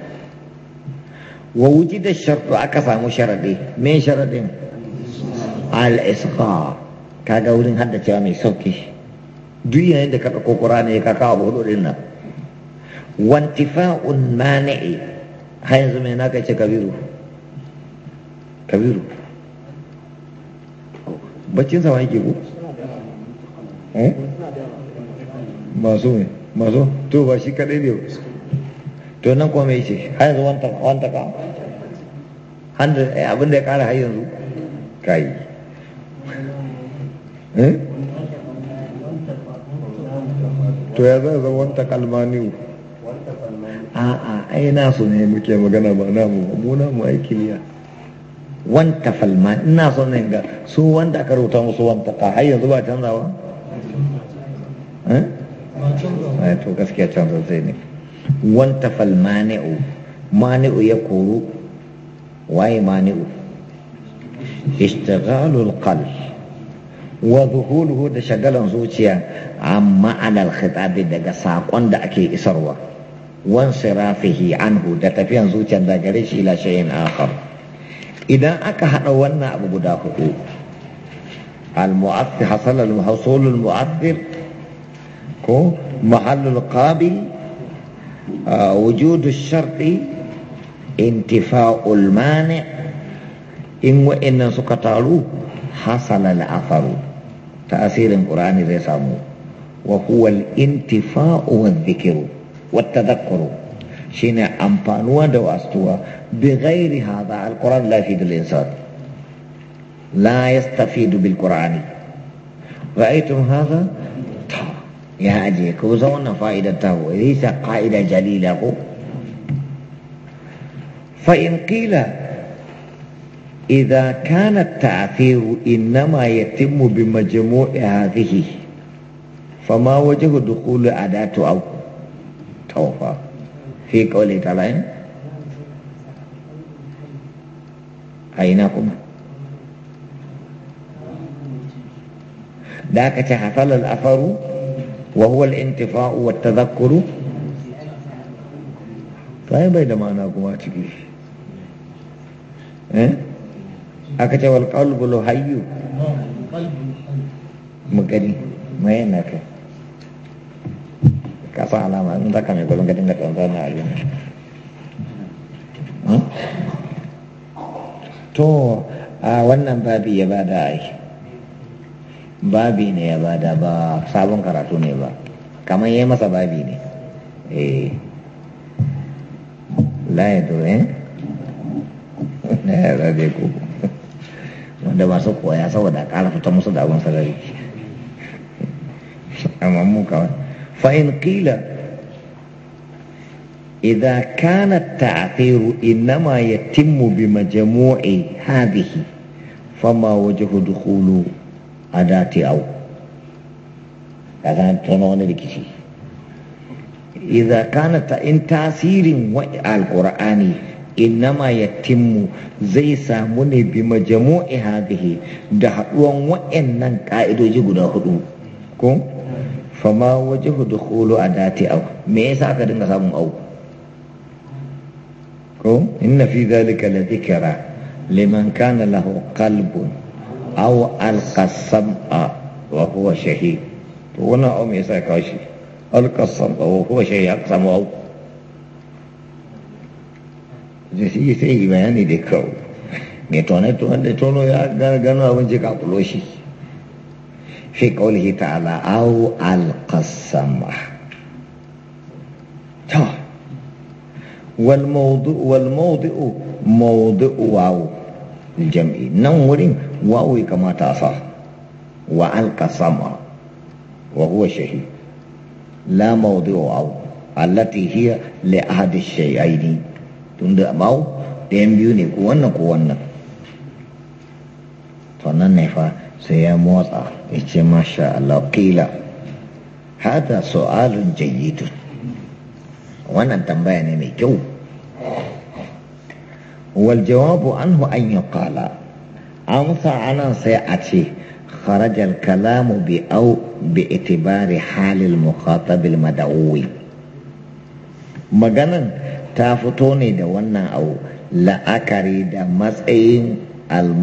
A: wa wujida shartu aka samu sharadi me sharadin al isqa kaga wurin haddacewa mai sauki duk yayin da ka ɗauko ƙurani ka kawo hudu ɗin nan ce kabiru kabiru baccin sa wani yake ku eh? masu ne masu to ba shi kadai ne to nan kuma mai ce har yanzu wanta ka eh, abin da ya kara har yanzu kayi eh? to ya zai zai wanta kalmaniyu a'a ai nasu ne muke magana ba namu mu namu ai kiliya wanta falma ina son nan ga su wanda aka rubuta musu wanta ta har yanzu ba canzawa eh? eh to gaskiya canza zai ne wanta falmani'u mani'u ya koru waye mani'u ishtighalul Qal. wa dhuhuluhu da shagalan zuciya amma ala alkhitabi daga sakon da ake isarwa wan sirafihi anhu da tafiyan zuciya, da gare shi ila shay'in akhar idan aka haɗa wannan abu guda hudu al-mu'addil hasal al-mahsul al ko mahall al-qabil wujud al-shart intifa'u al-mani' in wa'annan suka taru hasal al afaru, ta'asirin qur'ani zai samu wa huwa al-intifa'u wa dhikru wa tadhakkuru شين أمبانوا دواستوا بغير هذا القرآن لا يفيد الإنسان لا يستفيد بالقرآن رأيتم هذا يا أجي كوزونا فائدة ليس قائدة جليلة فإن قيل إذا كان التعثير إنما يتم بمجموع هذه فما وجه دخول أداة أو توفى tipe oleh tak lain aina kuma da ka ce hafal al'afaru wa huwa al'intifa'u wa tazakkuru bai bai da ma'ana kuma ciki eh aka ce wal qalbu lahayyu mu gani mai na kai kafa alama in zaka mai gwarin gadin da kanzan na abin to a ah, wannan babi ya bada babi ne ya bada ba sabon karatu ne ba kamar ya masa babi ne eh la ya dore eh? na ya rabe ko wanda masu koya saboda kara fita musu da abin sarari amma mu kawai فإن قيل إذا كان التعقير إنما يتم بمجموع هذه فما وجه دخول أداة أو كان تنون لكشي إذا كانت إن تأثير القرآن إنما يتم زي ساموني بمجموع هذه دهوان وإنن قائد يجب دهوان كون fama waje dukulu a dati au me yasa aka dinga samun au ko inna fi zalika la dhikra liman kana lahu qalbun aw alqa sam'a wa huwa shahid to wannan au me yasa ka shi alqa sam'a wa huwa shahid ya samu au sai sai bayani da kawo to wanda tono ya gano abin ka kulo shi fi qawlihi ta'ala aw al-qasamah ta wal mawdu wal mawdi'u mawdi'u waw jam'i nan wurin waw ya kamata sa wa al-qasama wa huwa shahi la mawdi'u waw allati hiya li ahadi shay'aini tunda maw da yan biyu ne ko wannan ko wannan to ne fa sai ya motsa yace masha Allah qila hada su'alun jayyidun wannan tambaya ne mai kyau wal jawabu anhu an yuqala amsa anan sai a ce خرج الكلام بأو باعتبار حال المخاطب المدعوي maganan ta fito ne da wannan au la'akari da matsayin al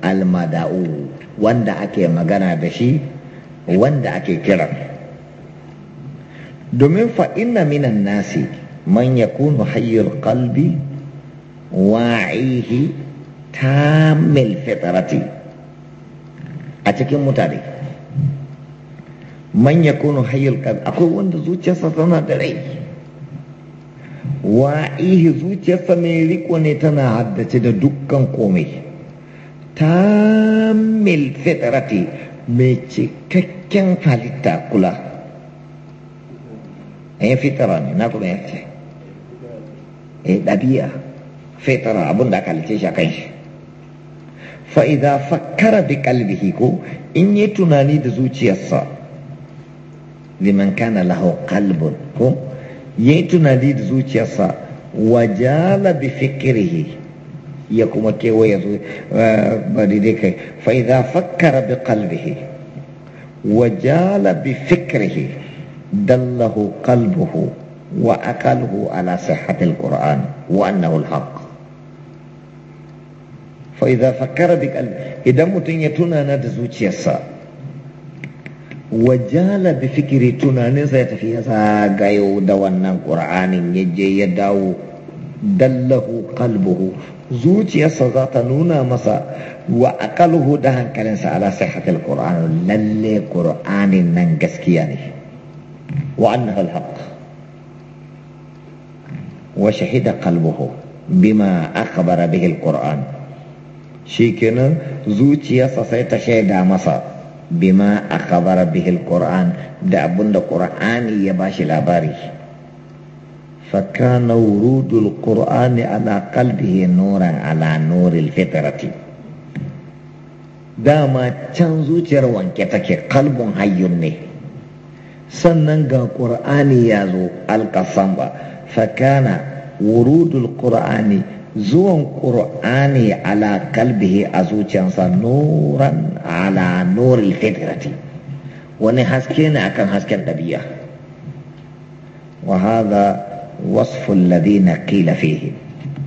A: almadau. wanda ake magana da shi wanda ake kira domin fa'ina minan nasi man ya kunu hayyar kalbi wa'ihi ta fitarati a cikin mutane man ya kunu hayyar kalbi akwai wanda zuciyarsa tana da rai wa'ihi zuciyarsa mai riko ne tana haddace da dukkan komai tamil fitrati mai cikakken halitta kula eh fitara ne na kuma yace eh dabi'a fitara abun da aka halice shi a kan shi fa idza fakkara bi qalbihi ko in yi tunani da zuciyarsa liman kana lahu qalbun ko yi tunani da zuciyarsa wajala bi fikrihi يقوم ويذكر آه، فإذا فكر بقلبه وجال بفكره دله قلبه وأقله على صحة القرآن وأنه الحق فإذا فكر بقلبه إذا متنيتنا ندزو تيسا وجال بفكر تنان زيت في قيو دوانا قرآن يجي يدعو دله قلبه zuciyarsa za ta nuna masa wa aqaluhu da hankalinsa ala sihhatil qur'an lalle qur'anin nan gaskiya ne wa annahu alhaq wa shahida qalbuhu bima akhbara bihi alquran shikenan zuciyarsa sai ta shaida masa bima akhbara bihi alquran da abunda qur'ani ya bashi labari fakana wurudul qur'ani ala qalbihi nuran ala nuril fitrati dama can zuciyar wanke take kalbin hayyun ne sannan ga ƙur'ani ya zo alkasan ba fakana wurudul qur'ani zuwan ƙur'ani ala kalbihi a zuciyarsa nuran ala nuril fitrati wani haske ne akan hasken ɗabi'a wa وصف الذين قيل فيهم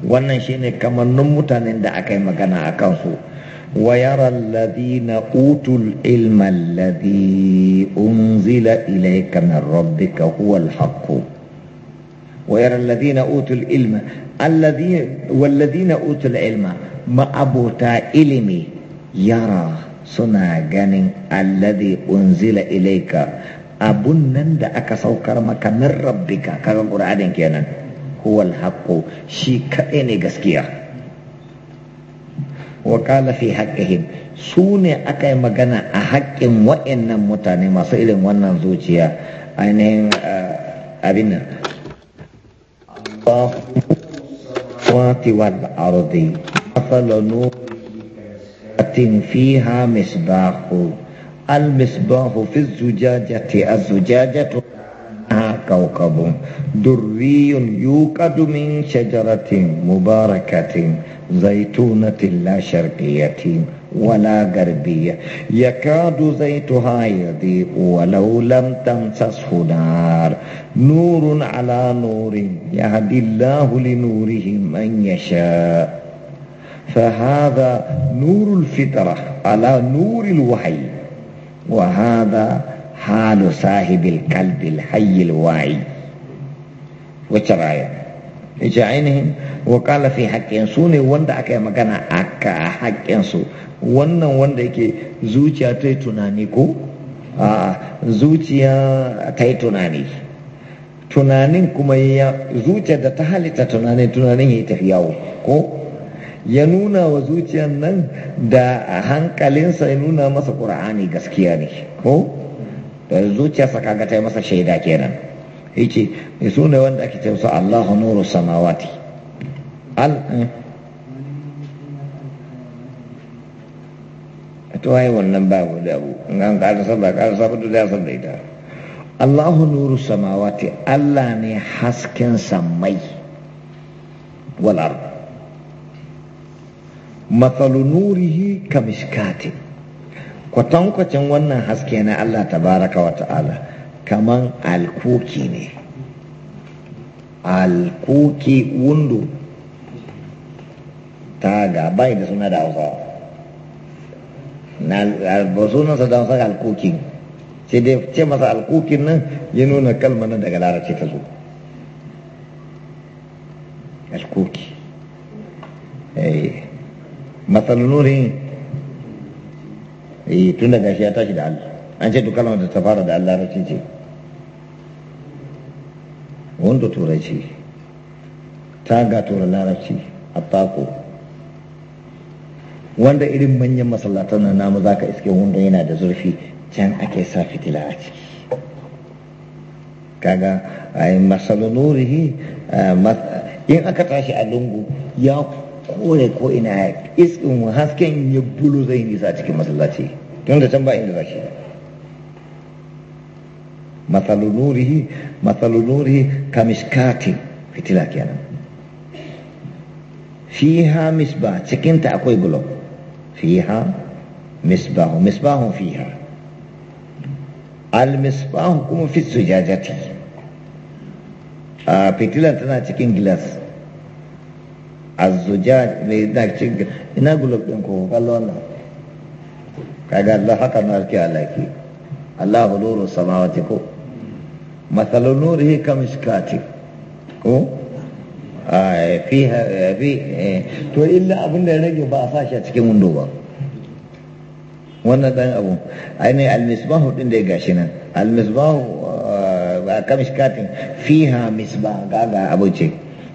A: wannan shine kamannin mutanen da aka yi magana a kansu wa yara alladhina utul ilma alladhi unzila ilayka min rabbika huwa alhaq wa yara alladhina utul ilma alladhi walladhina utul ilma ma abuta ilmi yara suna ganin alladhi unzila ilayka abun nan da aka saukar maka min rabbika kaga qur'anin kenan huwal haqqo shi kaɗai ne gaskiya wa qala fi haqqihim su ne aka yi magana a haƙƙin waɗannan mutane masu irin wannan zuciya ainihin eh, abin nan wal ardi مثل نور فيها مصباح المصباح في الزجاجة الزجاجة كوكب دري يوقد من شجرة مباركة زيتونة لا شرقية ولا غربية يكاد زيتها يضيء ولو لم تمسسه نار نور على نور يهدي الله لنوره من يشاء فهذا نور الفطرة على نور الوحي وهذا حال صاحب الكلب الحي الواعي وترايا اجعينهم وقال في حق سوني واند اكا مكانا اكا حق سو ونن واند اكا زوجيا تيتوناني كو زوجيا تيتوناني tunanin kuma ya zuciya da تتنانين تنانين tunanin tunanin ya nuna wa zuciyan nan da hankalinsa ya nuna masa ƙura'ani gaskiya ne ko da zuciyarsa kaga ta yi masa shaida kenan yace su suna wanda ake cewa Allahu nuru samawati al eh. to ai wannan babu da abu in an ƙara sabba ƙara sabba da ya da ita Allahu nuru samawati Allah ne hasken samai wal ardh matsalu nurihi kamishkati kwatankwacin wannan haske na Allah tabaraka wa ta'ala kaman alkuki ne alkuki wundu ta gabai da suna da hausawa ba sunansa don saka alkuki sai dai ce masa alkukin nan ya nuna kalma nan daga larace ta zo alkuki eh matsalin nuri yi eh, tun daga shi ya tashi da Allah an ce duk kalmar da ta fara da Allah rashi ce wanda ce ta ga turan larabci a tako wanda irin manyan masallatan na namu za ka iske wanda yana da zurfi can ake sa fitila a ciki kaga a yi masalonurihi eh, in aka tashi a lungu ya kore ko ina ya iskin hasken ya bulu zai nisa cikin masallaci tun da can ba inda zaki mathalu nurihi mathalu nurihi kamishkatin fitila kenan fiha misbah cikinta akwai bulok fiha misbahu misbahu fiha al misbahu kuma fi sujajati a fitilan tana cikin gilas azzujaj mai dakin ina gulub din ko kallo wannan kaga Allah haka na alki alaki Allahu nuru samawati ko mathalu nurihi kamishkati ko ai fiha bi eh, to illa abin da rage ba a fashi a cikin windo ba wannan dan abu ainihin almisbahu din da ya gashi nan almisbahu ba ah, kamishkatin fiha misbah ga abu ce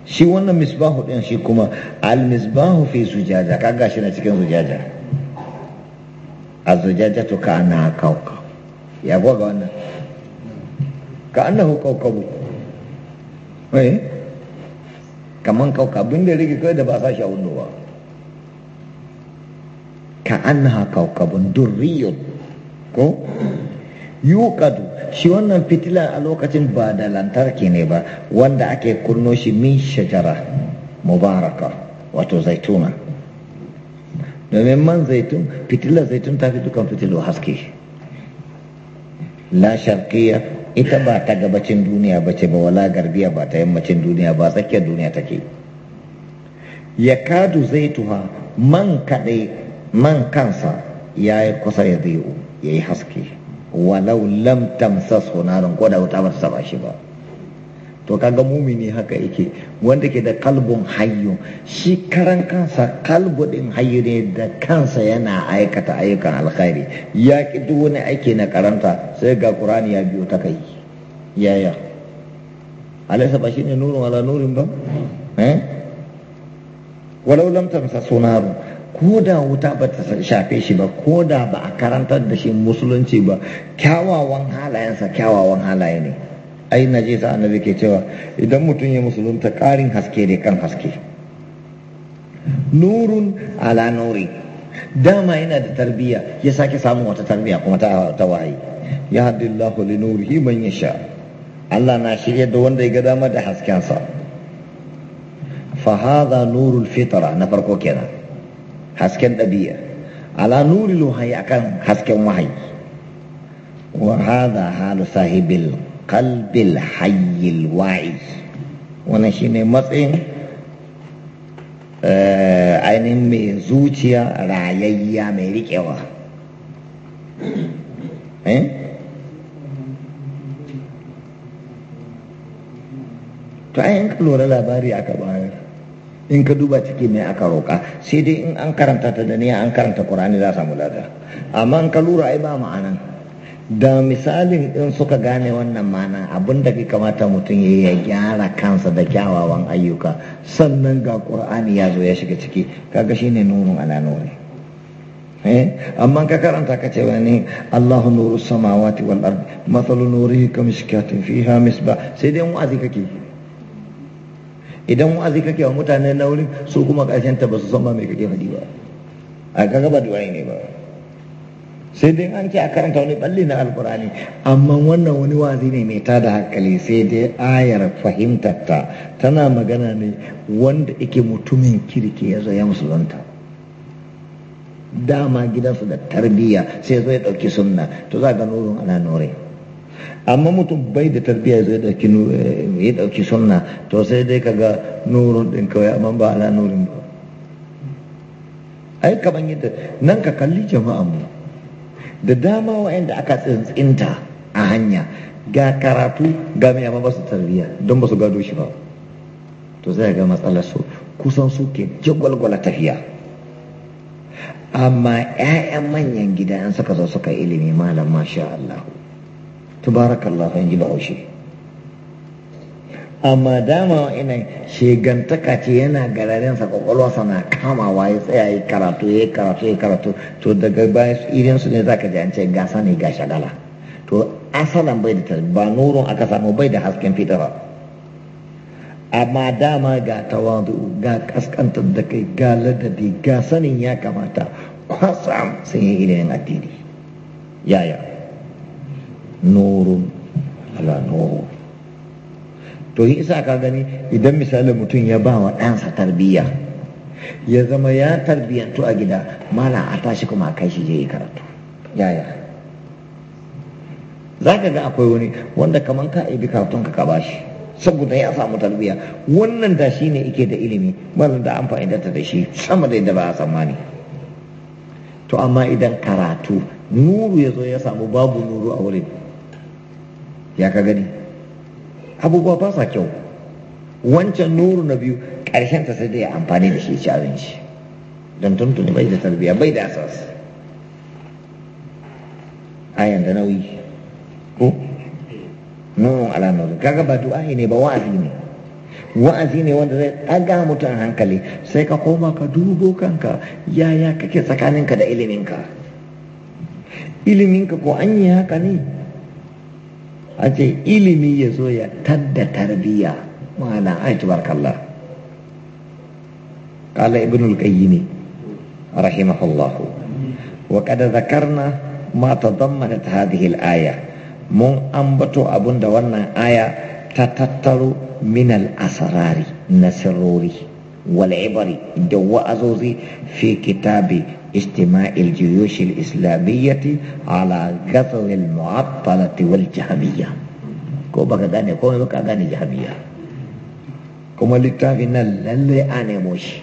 A: shi wannan misbahu ɗin shi kuma al misbahu fi sujaja ga shi na cikin sujaja a zujaja to ka ana kauka ya ga wannan ka kauka bu wai eh? kaman bin da rigi kai da ba sa shi a wannan ba ka annaha kawkabun ko yuqadu shi wannan fitila a lokacin ba da lantarki ne ba wanda ake kunno shi min shajara mubaraka wato zaituna domin man zaitun fitilar zaitun ta fi dukan fitilu haske la sharqiyya ita ba ta gabacin duniya ba ce ba wala garbiya ba ta yammacin duniya ba tsakiyar duniya take ya kadu zaituha man kadai man kansa ya yi kusa ya zai ya yi haske walau lam tamsasu narun ko da wuta ba ta saba shi ba to kaga mumini haka yake wanda ke da kalbun hayyu shi karan kansa kalbu din hayyu ne da kansa yana aikata ayyukan alkhairi ya ki duk wani aiki na karanta sai ga qur'ani ya biyo ta kai yaya alaysa ba shine nurun ala nurin ba eh walau lam tamsa sunaru ko da wuta ba ta shafe shi ba ko da ba a karantar da shi musulunci ba kyawawan halayensa kyawawan halaye ne ai na je sa annabi ke cewa idan mutum ya musulunta karin haske ne kan haske nurun ala nuri dama yana da tarbiyya ya sake samun wata tarbiya kuma ta wahayi ya haddillahu li nurihi man yasha Allah na shirya da wanda ya ga dama da haskensa fa hadha nurul fitra na farko kenan hasken ɗabi'a ala nuri luhayi akan hasken wahayi wa hadha halu sahibil qalbil hayyil wa'i wannan shine matsayin ainihin mai zuciya rayayya mai riƙewa to ayin lura labari aka bayar in ka duba ciki mai aka roƙa sai dai in an karanta ta da niyya an karanta ƙur'ani za samu lada amma in ka lura ai ba ma'ana. da misalin in suka gane wannan ma'ana abin da ke kamata mutum ya ya gyara kansa da kyawawan ayyuka sannan ga ƙur'ani ya zo ya shiga ciki kaga shine nurun ala nuri ne. Eh? amma ka karanta ka ce wani Allahu nuru samawati wal ardi mathalu nurihi kamishkatin fiha ba, sai dai wa'azi kake yi idan wa'azi kake wa mutane na wurin su kuma ƙarshen ta ba su san ma me kake faɗi ba a kaga ba duwaye ne ba sai dai an ce a karanta wani ɓalli na alkurani amma wannan wani wazi ne mai tada hankali sai dai ayar fahimtarta tana magana ne wanda ike mutumin kirki ya zo ya musulunta dama gidansu da tarbiyya sai zo ya ɗauki sunna to za ga nurin ana nore amma mutum bai da tarbiyya zai dauki eh, ya dauki sunna to sai dai kaga nurun din kawai amma ba ala nurin ba ai kaman yadda nan ka kalli jama'an mu da dama wa'anda aka tsintsinta a hanya ga karatu ga mai amma ba su tarbiyya don ba su gado shi ba to sai ga matsalar su kusan su ke jagwalgwala tafiya amma 'ya'yan manyan gida an suka zo suka ilimi malam masha Allah tabarakallah ban ji bahaushe amma dama ina shegantaka ce yana gararinsa kwakwalwarsa na kamawa ya tsaya ya karatu ya karatu ya karatu to daga bayan irin su ne zaka ji an ce gasa ne ga shagala to asalan bai da ba nurun aka samu bai da hasken fitara amma dama ga tawadu ga kaskantar da kai ga ladabi ga sanin ya kamata kwasa sun yi irin addini yaya nurun ala nuru to yi isa ka gani idan misali mutum ya ba wa ɗansa tarbiyya ya zama ya tarbiyyantu a gida mana a tashi kuma kai shi je yi karatu yaya za ka ga akwai wani wanda kamar ka ibi karatun ka ba shi saboda ya samu tarbiyya wannan da shi ne ike da ilimi wannan da an fa'idanta da shi sama da yadda ba a tsammani to amma idan karatu nuru ya zo ya samu babu nuru a wurin ya ka gani abubuwa ba sa kyau wancan nuru na biyu ƙarshen ta sai dai amfani da shi ci abinci don tuntuni bai da tarbiya bai da asas ayan da nauyi ko nunun ala nuru kaga ba du'a ne ba wa'azi ne wa'azi ne wanda zai ɗaga mutum hankali sai ka koma ka dubo kanka yaya kake tsakaninka da iliminka iliminka ko an yi haka ne a ce ilimi ya zo ya tadda tarbiyya ma'ana ai kalla ƙala ibn al ne rahimahullahu wa qad dhakarna ma tadammanat hadhihi al-aya mun ambato da wannan aya ta tattaro min al-asrari na wal da wa'azozi fi kitabi اجتماع الجيوش الإسلامية على غزل المعطلة والجهمية ko baka gane komai baka gane jahamiya kuma littafi nan lallai a nemo shi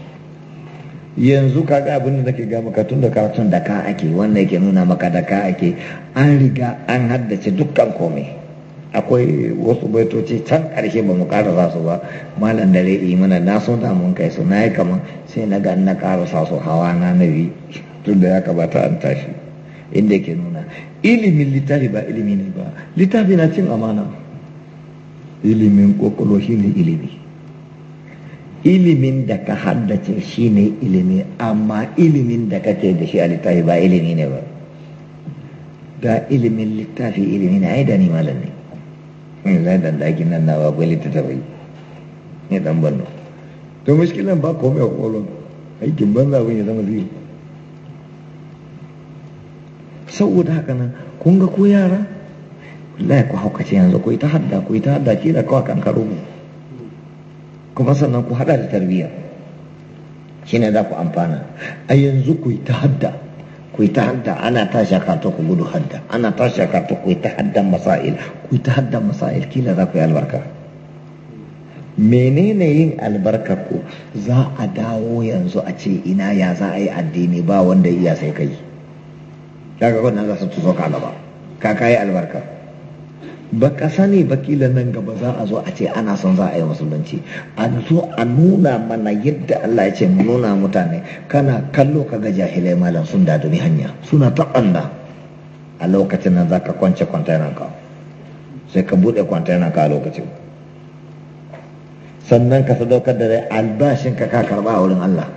A: yanzu kaga abinda da nake ga maka tun da karatun da ka ake wannan yake nuna maka da ka ake an riga an haddace dukkan komai akwai wasu baitoci can ƙarshe ba mu ƙarasa su ba malam da rai mana na so da mun kai su na yi kaman sai na ga na ƙarasa su hawa na nabi tun da ya kamata an tashi inda ke nuna ilimin littafi ba ilimi ne ba littafi na cin amana ilimin kokolo shi ne ilimi ilimin da ka haddace shi ne ilimi amma ilimin da kake da shi a littafi ba ilimi ne ba ga ilimin littafi ilimi na aida ni malam ne in zai dan dakin nan na babu littattafai ne dan banu to mushkilan ba komai a kolon aikin banza abin ya zama zai saboda haka nan kun ga ko yara wallahi ku haukace yanzu ku yi ta hadda ku yi ta hadda kira kawai kan karo mu kuma sannan ku hada da tarbiyya shine za ku amfana a yanzu ku yi ta hadda ku yi ta hadda ana ta shaka ta ku gudu hadda ana ta shaka ta ku yi ta haddan masail ku yi ta haddan masail kila za ku yi albarka menene yin albarka ku za a dawo yanzu a ce ina ya za a yi addini ba wanda iya sai kai kaga wannan za su tuso ka gaba ka kai albarka ba ƙasa sani ba kila nan gaba za a zo a ce ana son za a yi musulunci a zo a nuna mana yadda Allah ya ce mu nuna mutane kana kallo ka ga jahilai malam sun dadumi hanya suna ta ɓanna a lokacin nan za ka kwance kwantenan ka sai ka buɗe kwantenan ka a lokacin sannan ka sadaukar da albashin ka ka karɓa a wurin Allah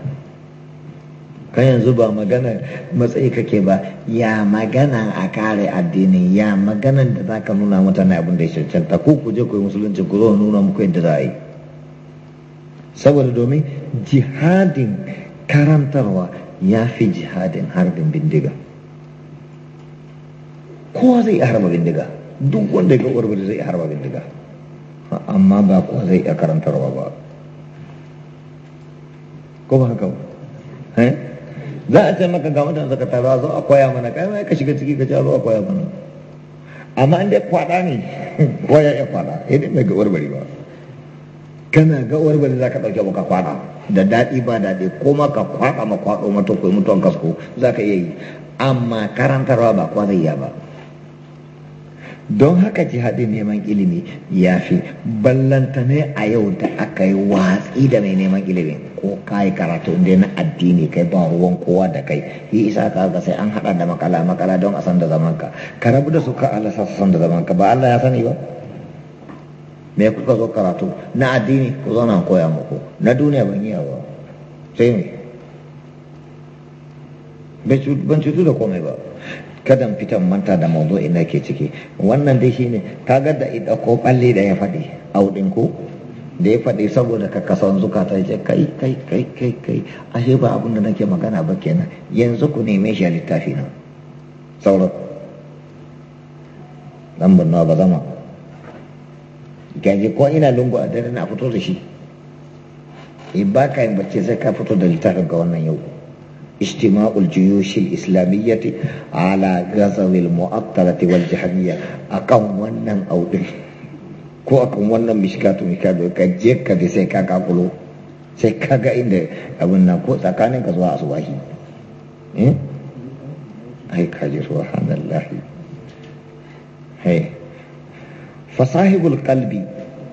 A: kan yanzu ba magana matsayi kake ba ya magana a kare addini ya magana da za ka nuna mutane abin da ya cancanta ko ku je ku musulunci ku zo nuna muku yadda za a yi saboda domin jihadin karantarwa ya fi jihadin harbin bindiga kowa zai iya harba bindiga duk wanda ya ga uwar zai iya harba bindiga amma ba kowa zai iya karantarwa ba ko ba haka ba eh? za a ce maka ga mutane suka taro zo a koya mana kai mai ka shiga ciki ka ce zo a koya mana amma inda kwada ne koya ya kwada idan mai ga bari ba kana ga bari za ka dauke maka kwada da daɗi ba daɗi ko ma ka kwaɗa ma kwado mata kai mutuwan kasko za ka iya yi amma karantarwa ba kwada ya ba don haka jihadin neman ilimi ya fi ballanta ne a yau da aka yi watsi da mai neman ilimi ko yi karatu inda na addini kai ba ruwan kowa da kai yi isa ka ga sai an haɗa da makala makala don a san da zaman ka ka rabu da su ka Allah sa san da zaman ka ba Allah ya sani ba me kuka zo karatu na addini ku zo na koya muku na duniya ban yi ba sai me ban cutu da komai ba kadan fitan manta da mawdu'in da ke ciki wannan dai shine kaga da ida ko balle da ya faɗi audin ko da ya faɗi saboda ka kasa ka ta ce kai kai kai kai kai ashe ba abin da nake magana ba kenan yanzu ku neme shi a littafi na sauran dan banna ba zama gaji ko ina lungu a dare na fito da shi in ba ka yin bacci sai ka fito da littafin ga wannan yau اجتماع الجيوش الإسلامية على غزو المؤطلة والجهمية أقام ونن أو دم ko akan wannan miskatu mikado ka je ka da sai sai ka ga inda abin nan ko tsakanin ka zuwa asubahi eh ai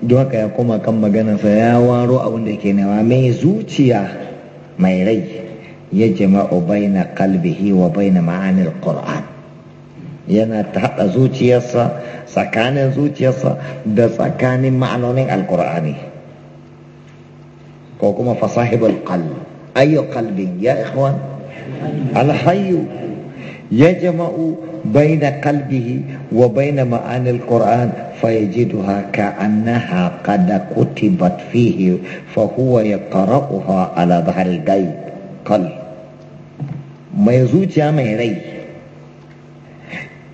A: don haka ya koma kan maganarsa ya waro abin da nawa mai zuciya mai rai يجمع بين قلبه وبين معاني القرآن يانا تحت زوجي يسا سكان زوجي يسا دا سكان معنون القرآن كوكما فصاحب القلب أي قلب يا إخوان الحي يجمع بين قلبه وبين معاني القرآن فيجدها كأنها قد كتبت فيه فهو يقرأها على ظهر الغيب قلب mai zuciya mai rai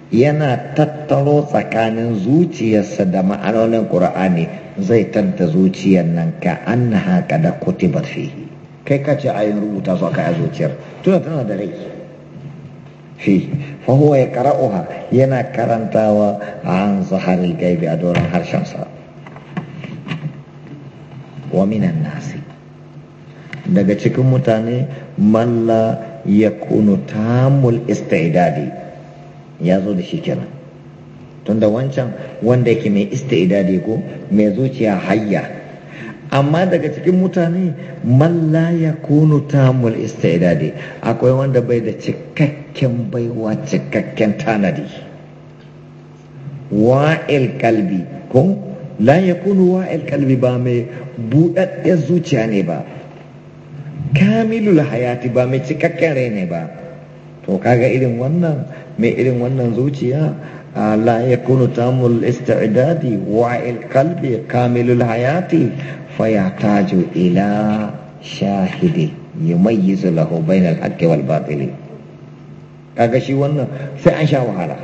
A: yana tattaro tsakanin zuciyarsa da ma'anonin ƙura'ani zai tanta zuciyar nan ka an haka da kutubar kai ka ce a yin rubuta su aka zuciyar tuna tana da rai fi fahuwa ya kara'uha yana karantawa a an zahari gaibi a doron harshensa wa minan nasi daga cikin mutane malla yakunu tamul istidadi ya zo da shi kenan tunda wancan wanda yake mai istidadi ko mai zuciya hayya amma daga cikin mutane man la yakunu tamul istidadi akwai wanda bai da cikakken baiwa cikakken tanadi wa'il kalbi ko la kunu wa'il kalbi ba mai buɗaɗɗen zuciya ne ba kamilul hayati ba mai cikakken rai ne ba to kaga irin wannan mai irin wannan zuciya la yakunu tamul istidadi wa il qalbi kamilul hayati Fa ya taju ila shahidi yumayyizu lahu bainal haqqi wal batili kaga shi wannan sai an sha wahala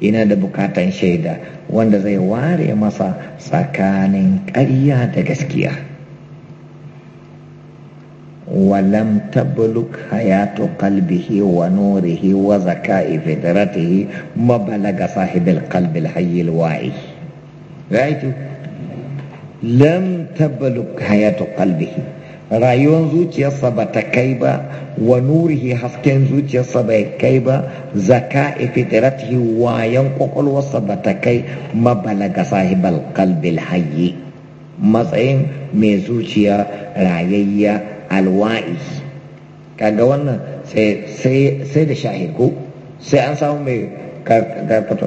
A: Ina da bukatan shaida wanda zai ware masa tsakanin ƙarya da gaskiya ولم تبلغ حياة قلبه ونوره وذكاء فطرته ما بلغ صاحب القلب الحي الواعي رأيت لم تبلغ حياة قلبه rayuwar zuciyarsa ba ta kai ba wa nurihi hasken zuciyarsa bai kai ba zaka fitratihi wayan kwakwalwarsa ba ta kai mabalaga sahibal kalbil hayi matsayin mai zuciya rayayya alwa'i kaga wannan sai da shahid sai an samu mai karfato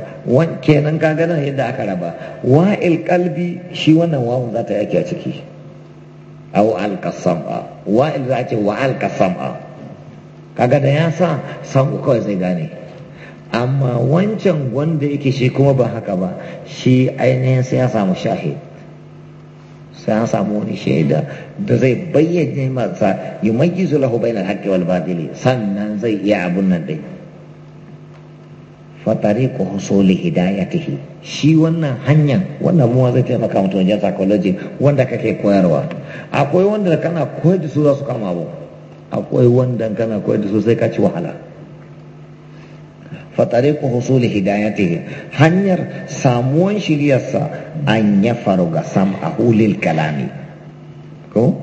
A: kenan kaga nan yadda aka raba wa'il kalbi shi wannan wawun za ta yaki a ciki au alkasam'a wa'il za a ce wa alkasam'a kaga da ya sa samu kawai zai gane amma wancan wanda yake shi kuma ba haka ba shi ainihin sai ya samu shahid sai an samu wani shaida da zai bayyana masa yumayyizu lahu bainal haqqi wal batili sannan zai iya abun nan dai fatariku ya hidayatihi shi wannan hanyar wannan muwa zai taimaka mutum wajen psychology wanda kake koyarwa akwai wanda kana koyar da su za su kama abu akwai wanda kana koyar da su sai ka ci wahala fatariku husuli hidayatihi hanyar samuwan shiryarsa an ya faru ga sam'ahu lil kalami ko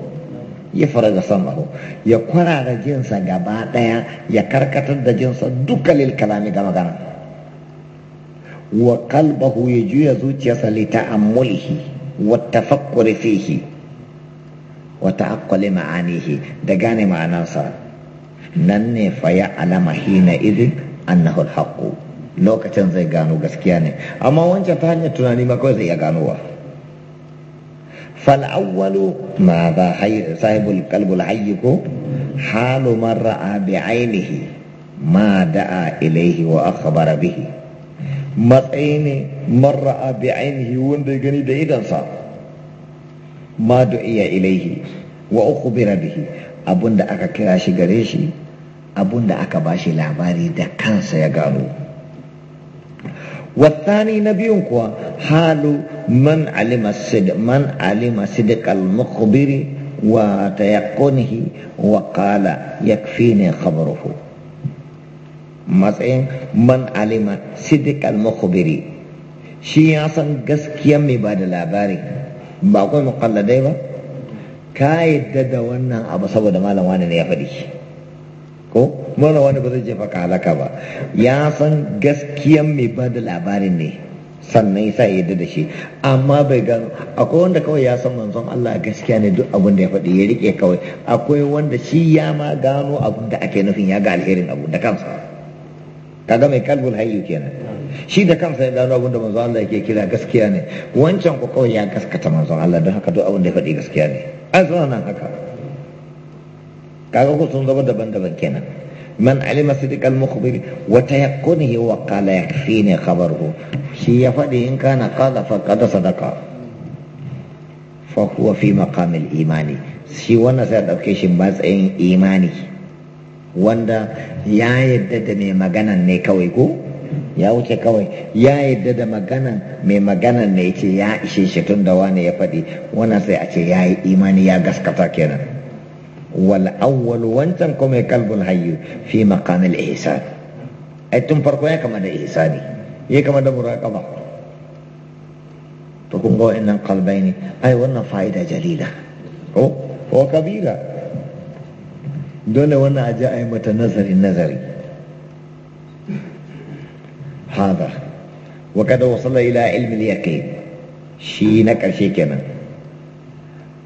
A: ya faru ga sam'ahu ya kwarara jinsa gaba daya ya karkatar da jinsa duka lil kalami ga magana wa kalbahu ya juya zuciyarsa li ta'ammulihi wa tafakkuri fihi wa ta'aqqali ma'anihi da gane ma'anansa nan ne fa ya alama hina idin annahu alhaqu lokacin zai gano gaskiya ne amma wancan ta hanyar tunani ma kawai zai iya ganowa fal'awwalu ma ba sahibul qalbul hayy ko halu man ra'a bi ainihi ma da'a ilaihi wa akhbara bihi matsayi ne man ra'a bi ainihi wanda ya gani da idansa ma du'iya ilaihi wa ukhbira bihi abunda aka kira shi gare shi abun da aka ba shi labari da kansa ya gano والثاني نبي حال من علم الصدق ya علم صدق المخبر وتيقنه وقال يكفيني خبره matsayin man alima Sidikal, al shi ya san gaskiya mai ba da labari ba kuma kalladai ba ka yadda da wannan abu saboda malam wani ne ya faɗi ko mana wani ba zai jefa ka halaka ba ya san gaskiyan mai ba da labarin ne sannan ya yadda da shi amma bai gano akwai wanda kawai ya san manzon Allah gaskiya ne duk abin da ya faɗi ya rike kawai akwai wanda shi ya ma gano abin da ake nufin ya ga alherin abu da kansa kaga mai kalbul hayyu kenan shi da kansa ya gano abin da manzon Allah yake kira gaskiya ne wancan ku kawai ya gaskata manzon Allah don haka duk abin da ya faɗi gaskiya ne an nan haka kaga ko sun zama daban-daban kenan man alima al mukhbir wa tayaqqunihi wa qala yakfini khabaruhu shi ya faɗi in kana qala fa qad sadaqa fa huwa fi al imani shi wannan sai dauke shi matsayin imani wanda ya yadda da mai maganan ne kawai ko ya wuce kawai ya yadda da maganan mai maganan ne ce ya ishe shi tun da wani ya faɗi wannan sai a ce ya yi imani ya gaskata kenan wal awwal wancan kome kalbun hayyu fi maqam al ihsan aitun farko ya kama da ihsani ya kama da muraqaba to kun ga wannan qalbai ne ai wannan fa'ida jalila ko ko kabira dole wannan aje ai mata nazari nazari hada wa kada ila ilmi al shi na ƙarshe kenan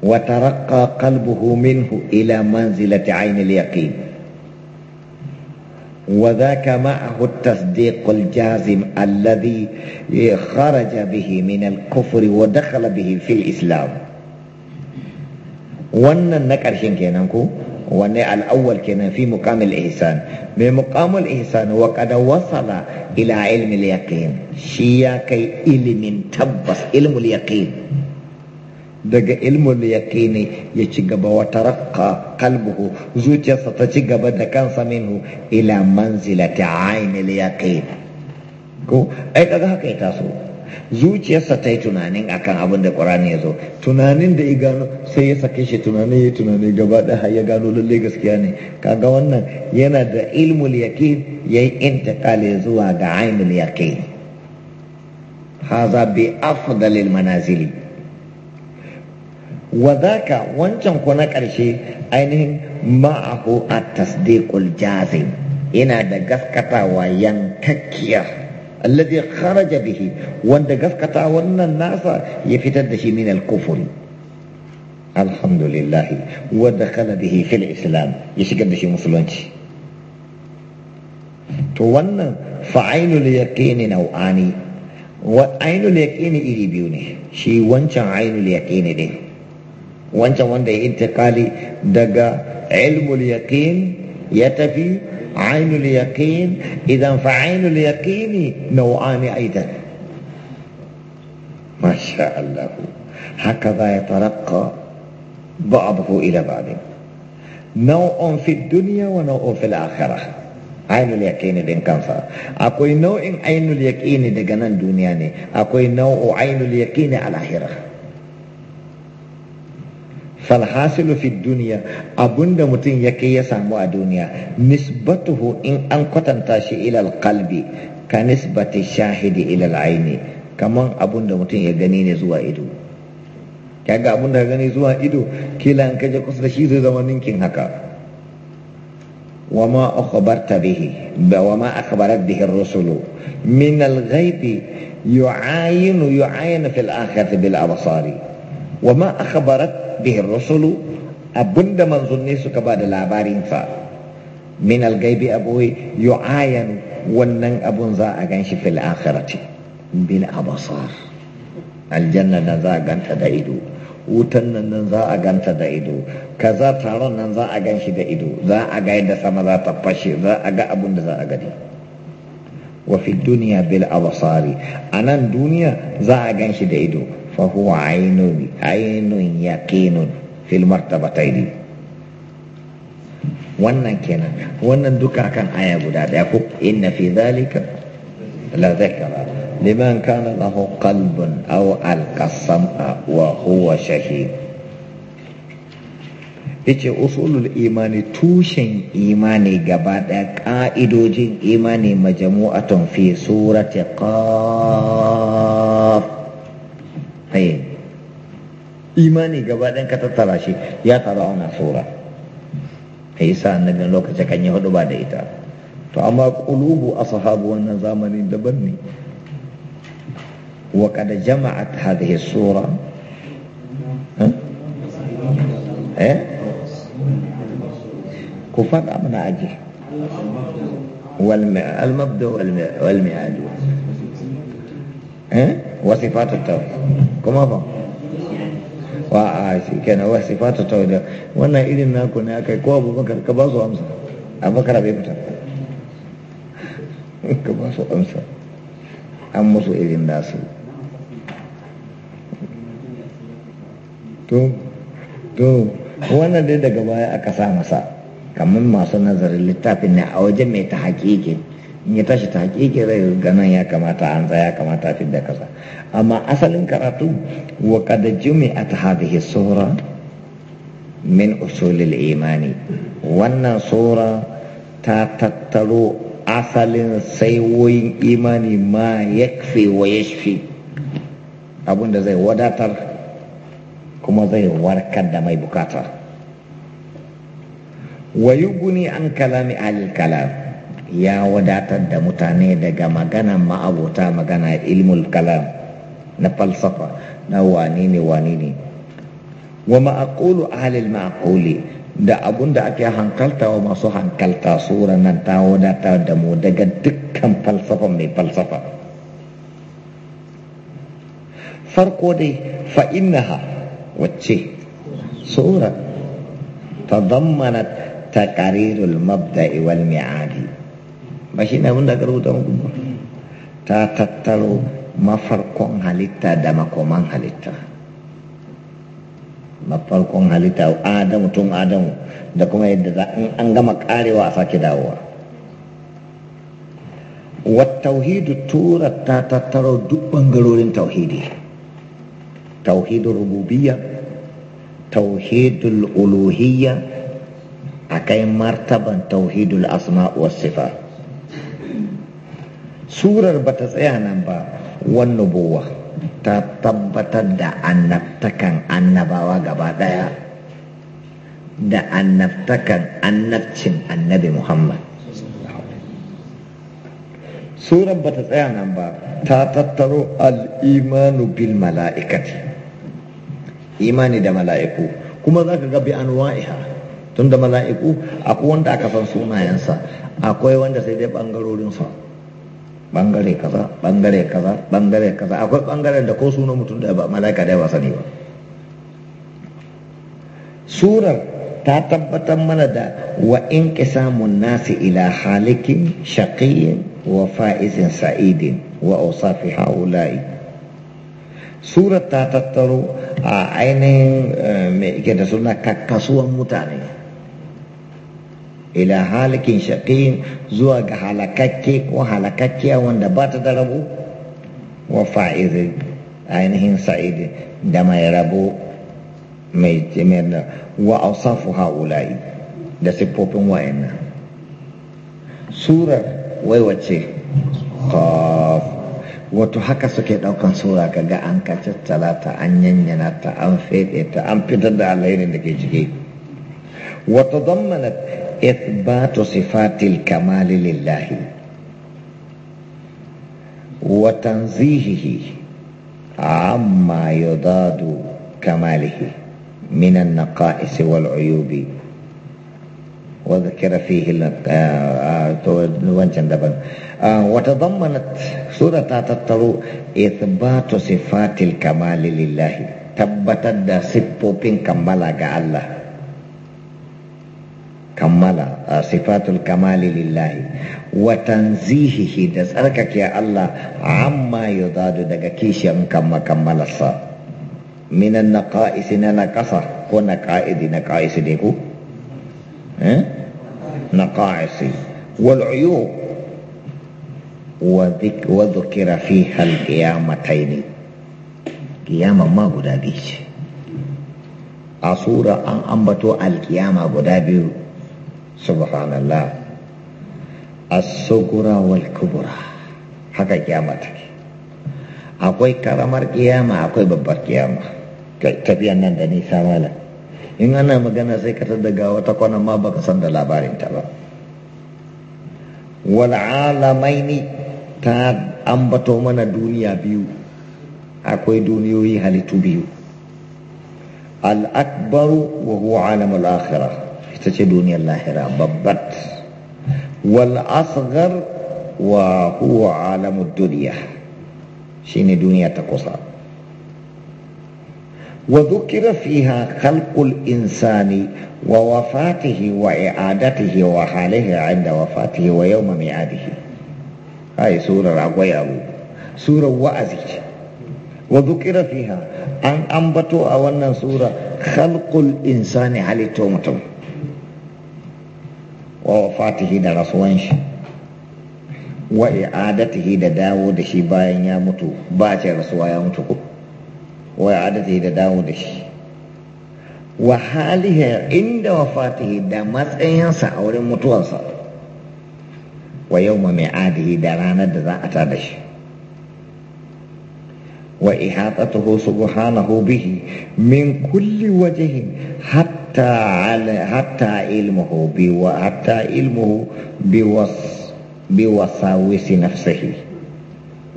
A: wa taraqqa qalbuhu minhu ila manzilati ayni al-yaqin wa dhaka ma'ahu at-tasdiq al-jazim alladhi kharaja bihi min al-kufr wa dakhala islam wannan na karshen kenan ku wanne al-awwal kenan fi muqam al-ihsan me muqam al wa qad wasala ila ilm al-yaqin shi ya kai ilimin tabbas ilm al daga ilmul yaqini ya ci gaba wa tarakka kalbuhu zuciyarsa ta ci gaba da kansa minhu ila manzilati ainil yaqin ko ai kaga haka ya taso zuciyarsa ta yi tunanin akan abin da ƙurani ya zo tunanin da ya gano sai ya sake shi tunanin ya tunani gaba ɗaya ya gano lalle gaskiya ne kaga wannan yana da ilmul yaqin yayi intiqali zuwa ga ainul yaqin haza bi afdalil manazili wa wancan ku na ƙarshe ainihin ma'ahu a tasdiqul jazim yana da gaskatawa yankakkiya alladhi kharaja bihi wanda gaskata wannan nasa ya fitar da shi min al-kufri alhamdulillah wa dakhala bihi fil islam ya shigar da shi musulunci to wannan fa'ainul yaqini nau'ani wa ainul yaqini iri biyu ne shi wancan ainul yaqini ne. wancan wanda ya intiqali daga ilmul yaqin ya tafi ainul yaqin idan fa ainul yaqini nau'ani aidan ma sha Allah hakaza yataraqqa ba'dahu ila ba'd nau'un fi dunya wa nau'un fil akhirah ainul yaqini din kansa akwai nau'in ainul yaqini daga nan duniya ne akwai nau'u ainul yaqini a lahira falhasilu fi duniya abunda mutum ya kai ya samu a duniya nisbatuhu in an kwatanta shi ilal kalbi, ka nisbati shahidi ilal aini kaman abunda mutum ya gani ne zuwa ido kaga abunda ka gani zuwa ido kila in kusa da shi zai zama ninkin haka وما أخبرت به وما أخبرت به الرسل من الغيب يعاين يعاين في الآخرة بالأبصار wa ma akhbarat bihi rusulu abunda suka ba da labarin fa min al-gaibi abu yu'ayan wannan abun za a ganshi fil akhirati bil abasar aljanna nan za a ganta da ido wutan nan nan za a ganta da ido kaza taron nan za a ganshi da ido za a ga yadda sama za ta fashe za a ga abun da za a gani wa fi duniya bil abasari anan duniya za a ganshi da ido فهو عين عين يقين في المرتبتين wannan kenan wannan duka kan aya guda daya ko inna fi zalika la dhikra liman kana lahu qalbun aw alqasama wa huwa shahid yace usulul imani tushen imani gaba daya ka'idojin imani majmu'atun fi surati qaf eh imani gaba ɗan ka tattara shi ya taru a wannan sura yi sa annabin lokaci kan yi hudu ba da ita to amma a sahabu wannan zamanin daban ne wa qad jama'at hadhihi sura eh ku faɗa mana aji wal mabda wal mi'ad eh وصفات التوحيد كما فهم wa a shi kenan wa sifatu tauhid wannan irin naku ne akai ko abubakar ka ba su amsa abubakar abin fita ka ba su amsa an musu irin nasu to wannan dai daga baya aka sa masa kamar masu nazarin littafin ne a waje mai ta hakiki ya tashi ta hakiki zai ganin ya kamata an tsaya kamata fi da kasa amma asalin karatu wa kada jumi a ta hadihi sura min usulil imani wannan sura ta tattaro asalin saiwoyin imani ma yakfi wa yashfi abinda zai wadatar kuma zai warkar da mai bukata wa guni an kalami alil kalam ya wadatar da mutane daga magana ma'abota magana ilmul kalam na falsafa na wane ne wane ne wa ma'aqulu ahlil da abun da ake hankalta wa masu hankalta sura nan ta wadata da mu daga dukkan falsafa mai falsafa farko dai wacce innaha wacce sura tadammanat taqarirul mabda'i wal mi'adi ba ne abin da aka rubuta muku ba ta tattaro mafarkon halitta da makoman halitta mafarkon halitta adamu tun adamu da kuma yadda za an gama karewa a sake dawowa Tauhidu tura ta tattaro duk bangarorin tauhidi rububiya, rububiyya tauhidul a kai martaban tauhidul asma was sifa. surar ba ta tsaya nan ba wannan bowa ta tabbatar da annabtakan annabawa gaba daya da annabtakan annabcin annabi muhammad surar ba ta tsaya nan ba ta tattaro al'imanu bil mala'ikati imani da mala'iku kuma za ka gabi an wa'iha tun da mala'iku akwai wanda aka san sunayensa akwai wanda sai dai bangarorinsa bangare kaza bangare kaza bangare kaza akwai bangaren da ko sunan mutum da ba malaika da ba sani ba surar ta tabbatar mana da wa in samun nasi ila halikin shaqiyin wa fa'izin sa'idin wa usafi haula'i surar ta tattaro a ainihin eh, mai da suna kakkasuwan mutane ila halakin shaqin zuwa ga halakakke ko halakakkiya wanda ba ta da rabo. wa fa'izi ainihin sa'idi da mai rabo mai timirna wa asafu ha'ula'i da siffofin wayannan surar waiwace qaf wato haka suke daukan sura ga an kacattala ta an yanyana ta an fede ta an fitar da alhairin da ke jike wata zammanat إثبات صفات الكمال لله وتنزيهه عما يضاد كماله من النقائص والعيوب وذكر فيه وتضمنت سورة تترو إثبات صفات الكمال لله تبتد سبوبين كمالا الله kammala sifatul kamali lillahi wa tanzihihi da tsarkake Allah amma yudadu daga kishiyan kamma kammalarsa minan naqa'is na naqasa ko na naqa'is ne ko eh naqa'is wal uyub wa dhik wa hal fiha al qiyamatayn ma guda biyu a sura an ambato al qiyama guda biyu subhanallah as-sugura wal kubura haka kiyama take akwai karamar kiyama akwai babbar kiyama tafiya nan da nisa mala in ana magana sai ka daga wata kwanan ma baka san da labarinta ba wal alamaini ta ambato mana duniya biyu akwai duniyoyi halittu biyu al akbaru wa huwa alamul akhirah ta ce duniyar lahira babbat wal asghar wa huwa alamud duniya shine duniya ta kusa wa dhukira fiha khalqul insani wa wafatihi wa i'adatihi wa halihi 'inda wafatihi wa yawma mi'adihi ai surar agwayaru Sura wa'azi wa dhukira fiha an ambato a wannan sura khalqul insani halittu mutum wa wafatihi da rasuwan shi wa i'adatihi da dawo da shi bayan ya mutu ba ce rasuwa ya mutu ko wa i'adatihi da dawo da shi wa halihi inda wafatihi da matsayinsa a wurin mutuwarsa wa yau ma mai mi'adihi da ranar da za a tada shi wa ihatatuhu subhanahu bihi min kulli wajhin حتى على حتى علمه بو حتى علمه بوص بوساوس نفسه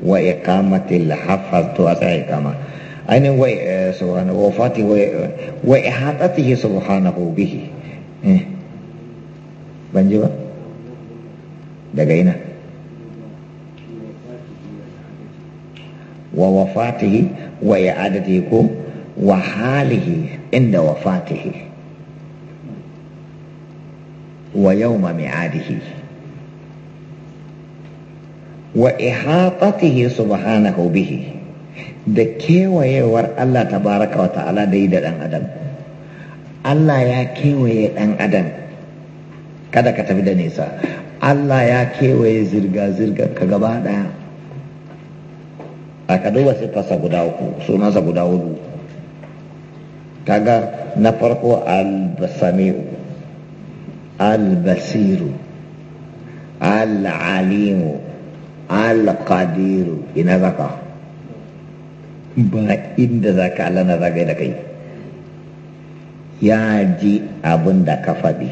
A: وإقامة الحفظ إقامة أين سبحانه وفاته وإحاطته سبحانه به Banjir ba? Daga ina? Wa wafatihi wa ya'adatihi ko wa yawma mi'adihi wa ihatatihi subhanahu bihi da kewayewar Allah tabaraka wa ta'ala da yi da ɗan adam Allah ya kewaye ɗan adam kada ka tafi da nisa Allah ya kewaye zirga zirga ka gaba ɗaya a ka duba siffarsa guda uku sunansa guda hudu kaga na farko al basami'u albasiru العليم القدير ina zaka ba inda za ka Allah na zagaye da kai ya ji abin da ka faɗi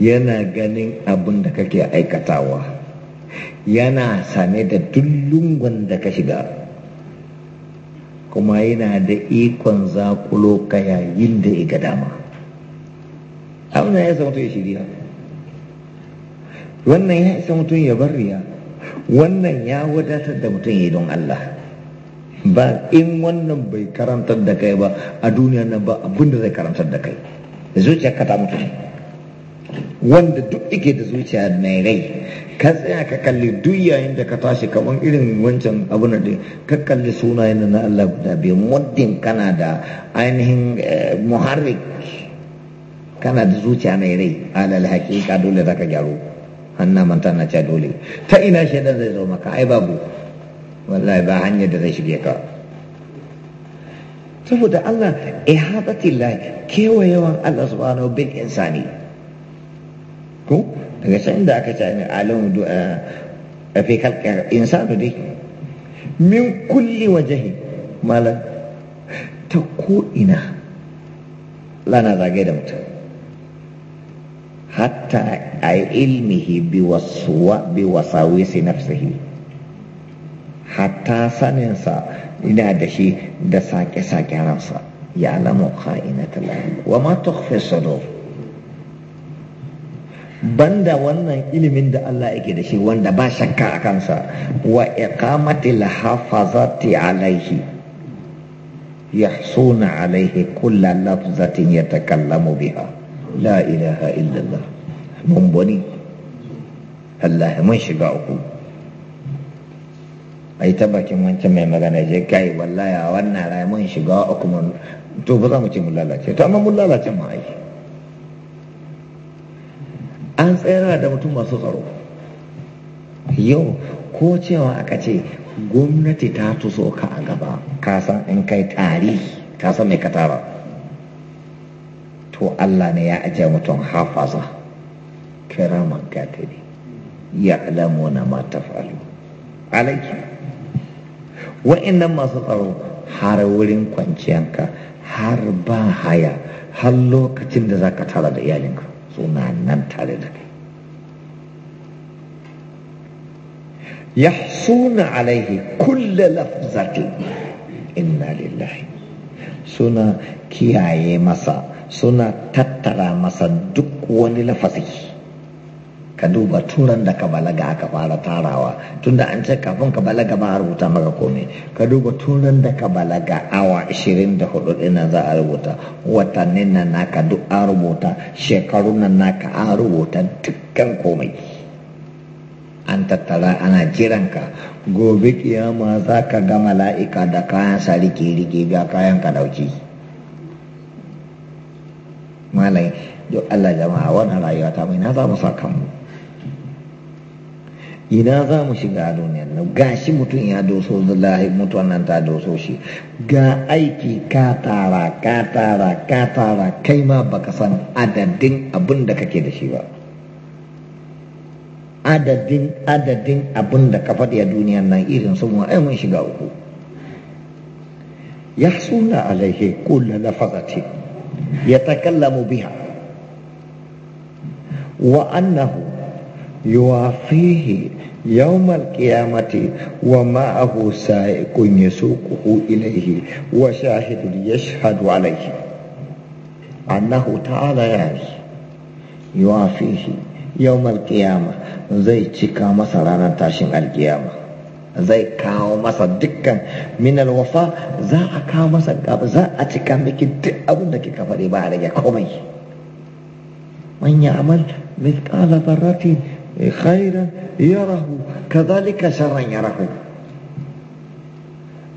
A: yana ganin abin da kake aikatawa yana sane da duk da ka shiga kuma yana da ikon zakulo ka yayin da ya ga dama wannan ya isa mutum ya shirya, wannan ya isa mutum ya bar riya wannan ya wadatar da mutum ya yi don Allah ba in wannan bai karantar da kai ba a duniya nan ba abin da zai karantar da kai zuciya ka ta mutu wanda duk ike da zuciya mai rai ka tsaya ka kalli duk yayin da ka tashi kamar irin wancan abin da ka kalli sunayen na Allah guda biyu muddin kana da ainihin muharrik kana da zuciya mai rai alal ka dole zaka gyaru hanna manta na ce dole ta ina shaidan zai zo maka ai babu wallahi ba hanyar da zai shige ka saboda Allah ihadatillah kewayewan Allah subhanahu bin insani ko daga can da aka ce ne alamu du'a eh, fi kalkar insanu dai min kulli wajahi malam ta ko ina lana zagaye da mutum hatta ai ilmihi biwaswa biwasawisi nafsihi hatta saninsa ina da shi da sake-sake ransa ya alamu ka'inatul wa ma tukhfi sudur banda wannan ilimin da Allah yake da shi wanda ba shakka a kansa wa iqamatil hafazati alaihi yahsuna alaihi kullu lafzatin yatakallamu biha la ilaha illallah mun bari Allah mun shiga uku ai ta bakin wancan mai magana je kai wallahi a wannan rai mun shiga uku mun to ba za mu ce mun lalace to amma mun lalace ma ai an tsayar da mutum masu tsaro yau ko cewa aka ce gwamnati ta tuso ka a gaba ka san in kai tarihi ka san mai ka tara to Allah ne ya ajiye mutum hafaza kiraman gatari ya alamu na mata falu alaiki wa'annan masu tsaro har wurin kwanciyanka har ba haya har lokacin da za ka tara da iyalinka suna nan tare da kai suna alaihi kulla lafzati inna lillahi suna kiyaye masa suna tattara masa duk wani lafazi ka duba turan da ka balaga aka fara tarawa tunda an ce kafin ka balaga ba a rubuta maka komai ka duba turan da ka balaga awa 24 ɗinan za a rubuta watannin nan naka duk an rubuta shekarun nan naka an rubuta dukkan komai an tattara ana jiran ka gobe kiyama za ka ga mala'ika da kayan sa rike-rike ga kayan ka dauki. malai duk Allah jama'a wannan rayuwa ta mai na za mu sa kanmu ina za mu shiga duniyar nan ga shi mutum ya doso zallahi mutuwan nan ta doso shi ga aiki ka tara ka tara ka tara kai ma baka san adadin abin da kake da shi ba adadin adadin abin da ka faɗi a duniyar nan irin sun wa mun shiga uku ya suna alaihe kulla lafazatin Ya takalla biya. Wa annahu yawafihi yau malkiya mata, wa ma'aikusaye kun ya so ku huɗu ilai wasu ahilirijen Annahu ta raya yi. Yawafihi, yau zai cika masa ranar tashin alkiyar zai kawo masa dukkan minal wafa za a kawo masa gaba za a cika miki duk abin da kika faɗi ba a rage komai man ya amal mithqala dharratin khairan yarahu kadhalika sharran yarahu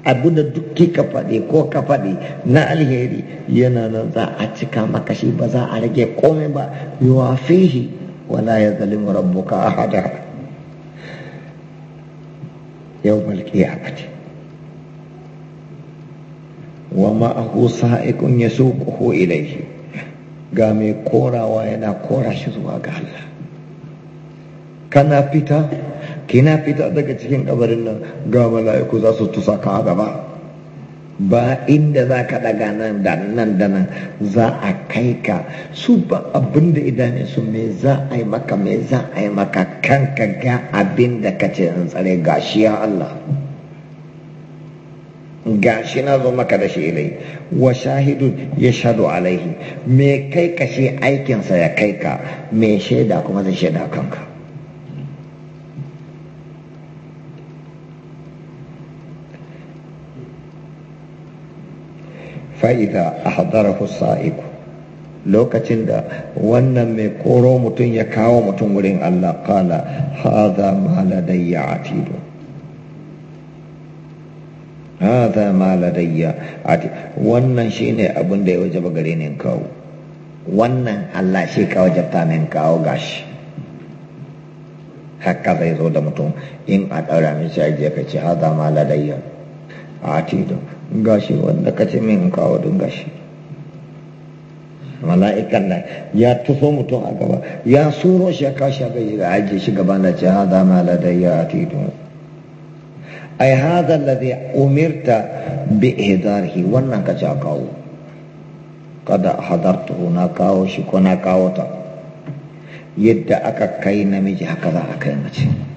A: abin da duk kika faɗi ko ka faɗi na alheri yana nan za a cika maka shi ba za a rage komai ba fihi wala ya zalimu rabbuka ahada Yau wa ma وما هو سائق يسوقه ga mai korawa yana kora shi zuwa ga Allah kana fita kina fita daga cikin kabarin nan ga mala'iku za su tusa ka gaba ba ba inda za ka ɗaga nan da nan da nan za a kai ka su ba abin da idan su me za a yi maka me za a yi maka kanka ga abin da ka ce in tsare gashi ya Allah gashi na zo maka da shi ilai wa shahidu ya shaɗu alaihi me kai ka shi aikinsa ya kai ka me shaida kuma zai shaida kanka Fa'ida a hadarahu sa'iku lokacin da wannan mai koro mutum ya kawo mutum wurin Allah kala haza ma ladayya atidu haza maladayya a Wannan wannan ne abin da ya wajaba gare ne kawo wannan Allah shi kawo jabta ne kawo gashi haka zai zo da mutum in a ɗaura min shi ka ce haza maladayya a atidu gashi wanda ka ce min kawo don gashi mala'ikan nan ya tufo mutum a gaba ya suro shi ya kashi a gaji da ajiye shi gaba na ce haza ma ladayya a titu ai haza ladai umirta bi hidarhi wannan ka ce a kawo kada hadartu na kawo shi ko na kawo ta yadda aka kai namiji haka za a kai mace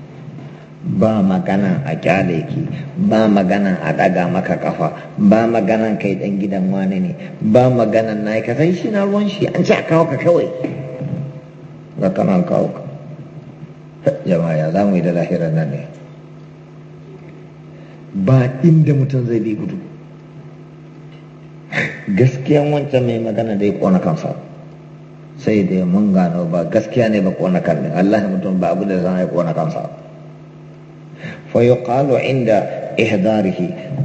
A: ba magana a kyale ki ba magana a daga maka kafa ba magana kai dan gidan wani ne ba magana na ka san shi na ruwan shi an ce a kawo ka kawai ga kana kawo ka jama'a za mu yi da lahirar nan ne ba inda mutum zai bi gudu gaskiyan wancan mai magana da ya kona kansa sai dai mun gano ba gaskiya ne ba kona kan Allah mutum ba abu da zan ya kona kansa فيقال عند إحضاره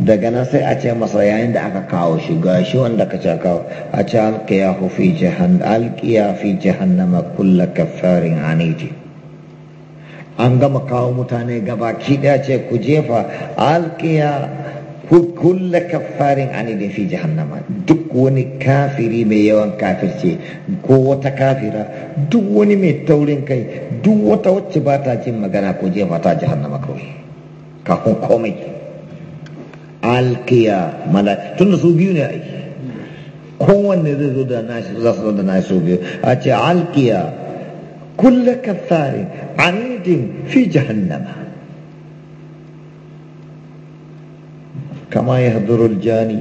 A: دقنا سيأتي مصريين دعك كاوشي قاشي وندك شاكاو أتى ألقياه fi جهنم ألقيا fi jahannama كل kaffarin aniti. an gama kawo mutane gaba da ce ku jefa alkiya kulla kaffarin aniti fi jahannama duk wani kafiri mai yawan kafirce ko wata kafira duk wani mai taurin kai duk wata wacce ba ta jin magana ko jefa ta jahannama kawai kafin komai alkiya tun da su biyu ne a ai kowanne zai zo da nashi za su zo da nashi biyu a ce alkiya kulla kafarin anidin fi jahannama kama ya hadurul jani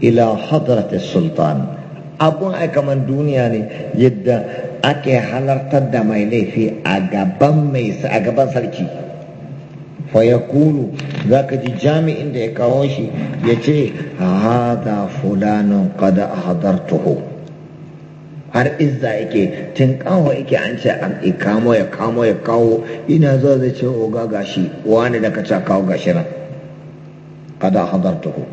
A: ila hadratis sultan abun ai kaman duniya ne yadda ake halartar da mai laifi a gaban mai a gaban sarki fayakulu za ka ji jami'in da ya kawo shi ya ce hada fulanin kada a tuhu. har izza yake tun kawo yake an ce an kamo ya kamo ya kawo ina zuwa zai ce oga gashi wani da ka ca kawo gashi nan kada a tuhu.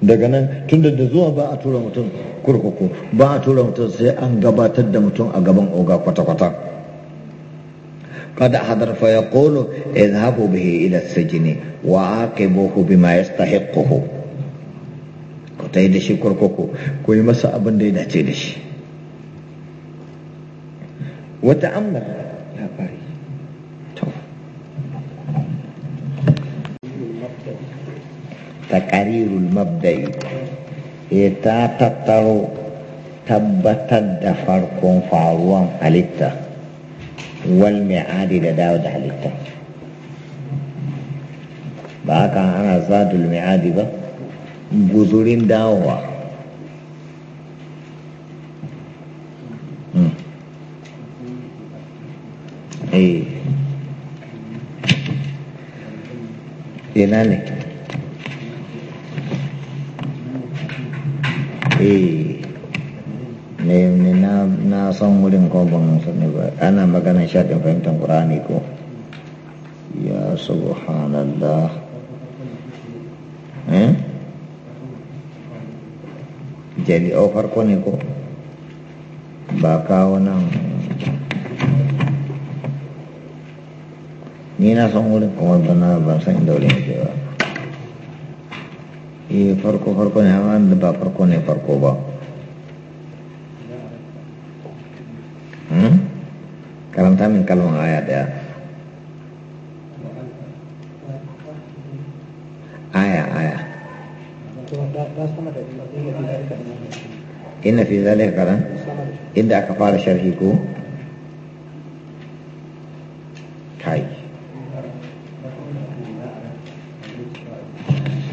A: daga nan tunda da zuwa ba a tura mutum kurkuku ba a tura mutum sai an gabatar da mutum a gaban oga kwata-kwata قد حضر فيقول اذهبوا به إلى السجن وعاقبوه بما يستحقه كتيدشي كركوكو كوي مسا أبن دينا تيدشي وتأمل يا باري تقرير المبدأ إيه تا تترو tabbatar da farkon faruwan halitta والمعاد إذا لداود حليته باكا انا زاد المعاد با غزورين داوا ايه ايه ايه ne ne na na son wurin ko ban sani ba ana magana shaɗin fahimtar qur'ani ko ya subhanallah eh jeli o farko ne ko ba kawo nan ni na son wurin kuma bana ban san inda wurin ke ba eh farko farko ne amma ba farko ne farko ba Hmm? karanta min kalman aya daya aya aya inna fi zalika karan inda aka fara kai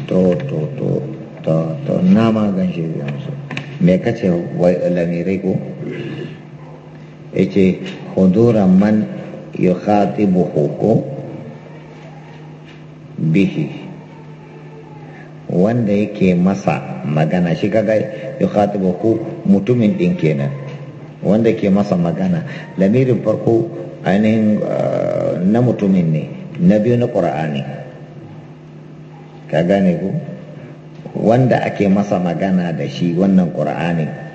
A: to to to to to nama kace wai lamirai ko ce, huduran man yukhatibuhu ko bihi wanda yake masa magana shi kaga yukhatibuhu mutumin din kenan wanda ke masa magana lamirin farko ainihin ah, na mutumin ne na biyu na ƙura'ani ka gane ku wanda ake masa magana da shi wannan ƙura'anin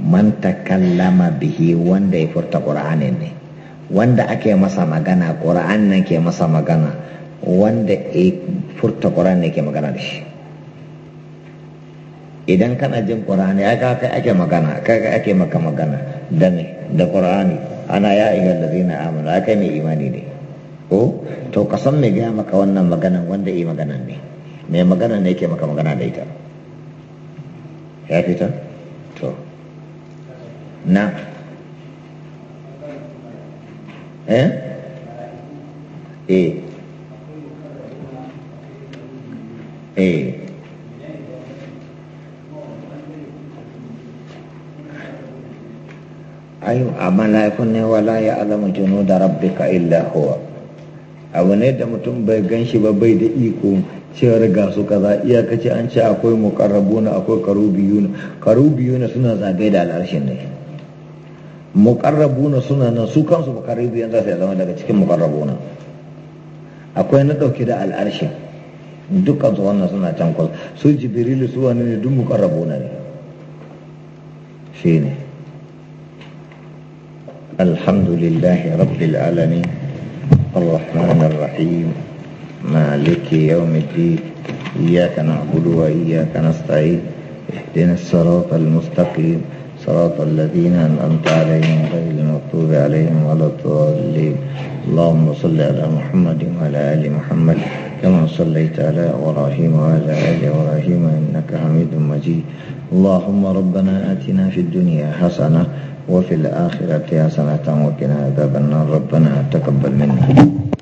A: man takallama bihi wanda ya furta ƙur'ani ne wanda ake masa magana ƙura'an nan ke masa magana wanda ya furta ƙur'an ne ke magana da shi idan kana jin ƙur'ani ya kaka ake magana kaka ake maka magana da ne da ƙur'ani ana ya ayyuhal ladina amina aka mai imani ne ko to kasan mai gaya maka wannan maganan wanda yi magana ne mai magana ne ke maka magana da ita ya fita to na eh eh eh ayo amala ko ne wala ya alamu junu da rabbika illa huwa abu ne da mutum bai ganshi ba bai da iko cewar ga su kaza iyakaci an ce akwai mukarrabuna akwai karubiyuna karubiyuna suna zagaye da al'arshin ne mukarrabuna suna nan su kansu muƙarrabiyan za su zama daga cikin mukarrabuna akwai na dauke da al'arshi dukkan su wannan suna can kwal su jibrilu su wani ne duk muƙarrabuna ne shine ne alhamdulillahi rabbil alamin arrahmanir rahim maliki yawmiddin iyyaka na'budu wa iyyaka nasta'in ihdinas siratal mustaqim صراط الذين أنعمت عليهم غير المغضوب عليهم ولا الضالين اللهم صل على محمد وعلى آل محمد كما صليت على إبراهيم وعلى آل إبراهيم إنك حميد مجيد اللهم ربنا آتنا في الدنيا حسنة وفي الآخرة حسنة وقنا عذاب النار ربنا تقبل منا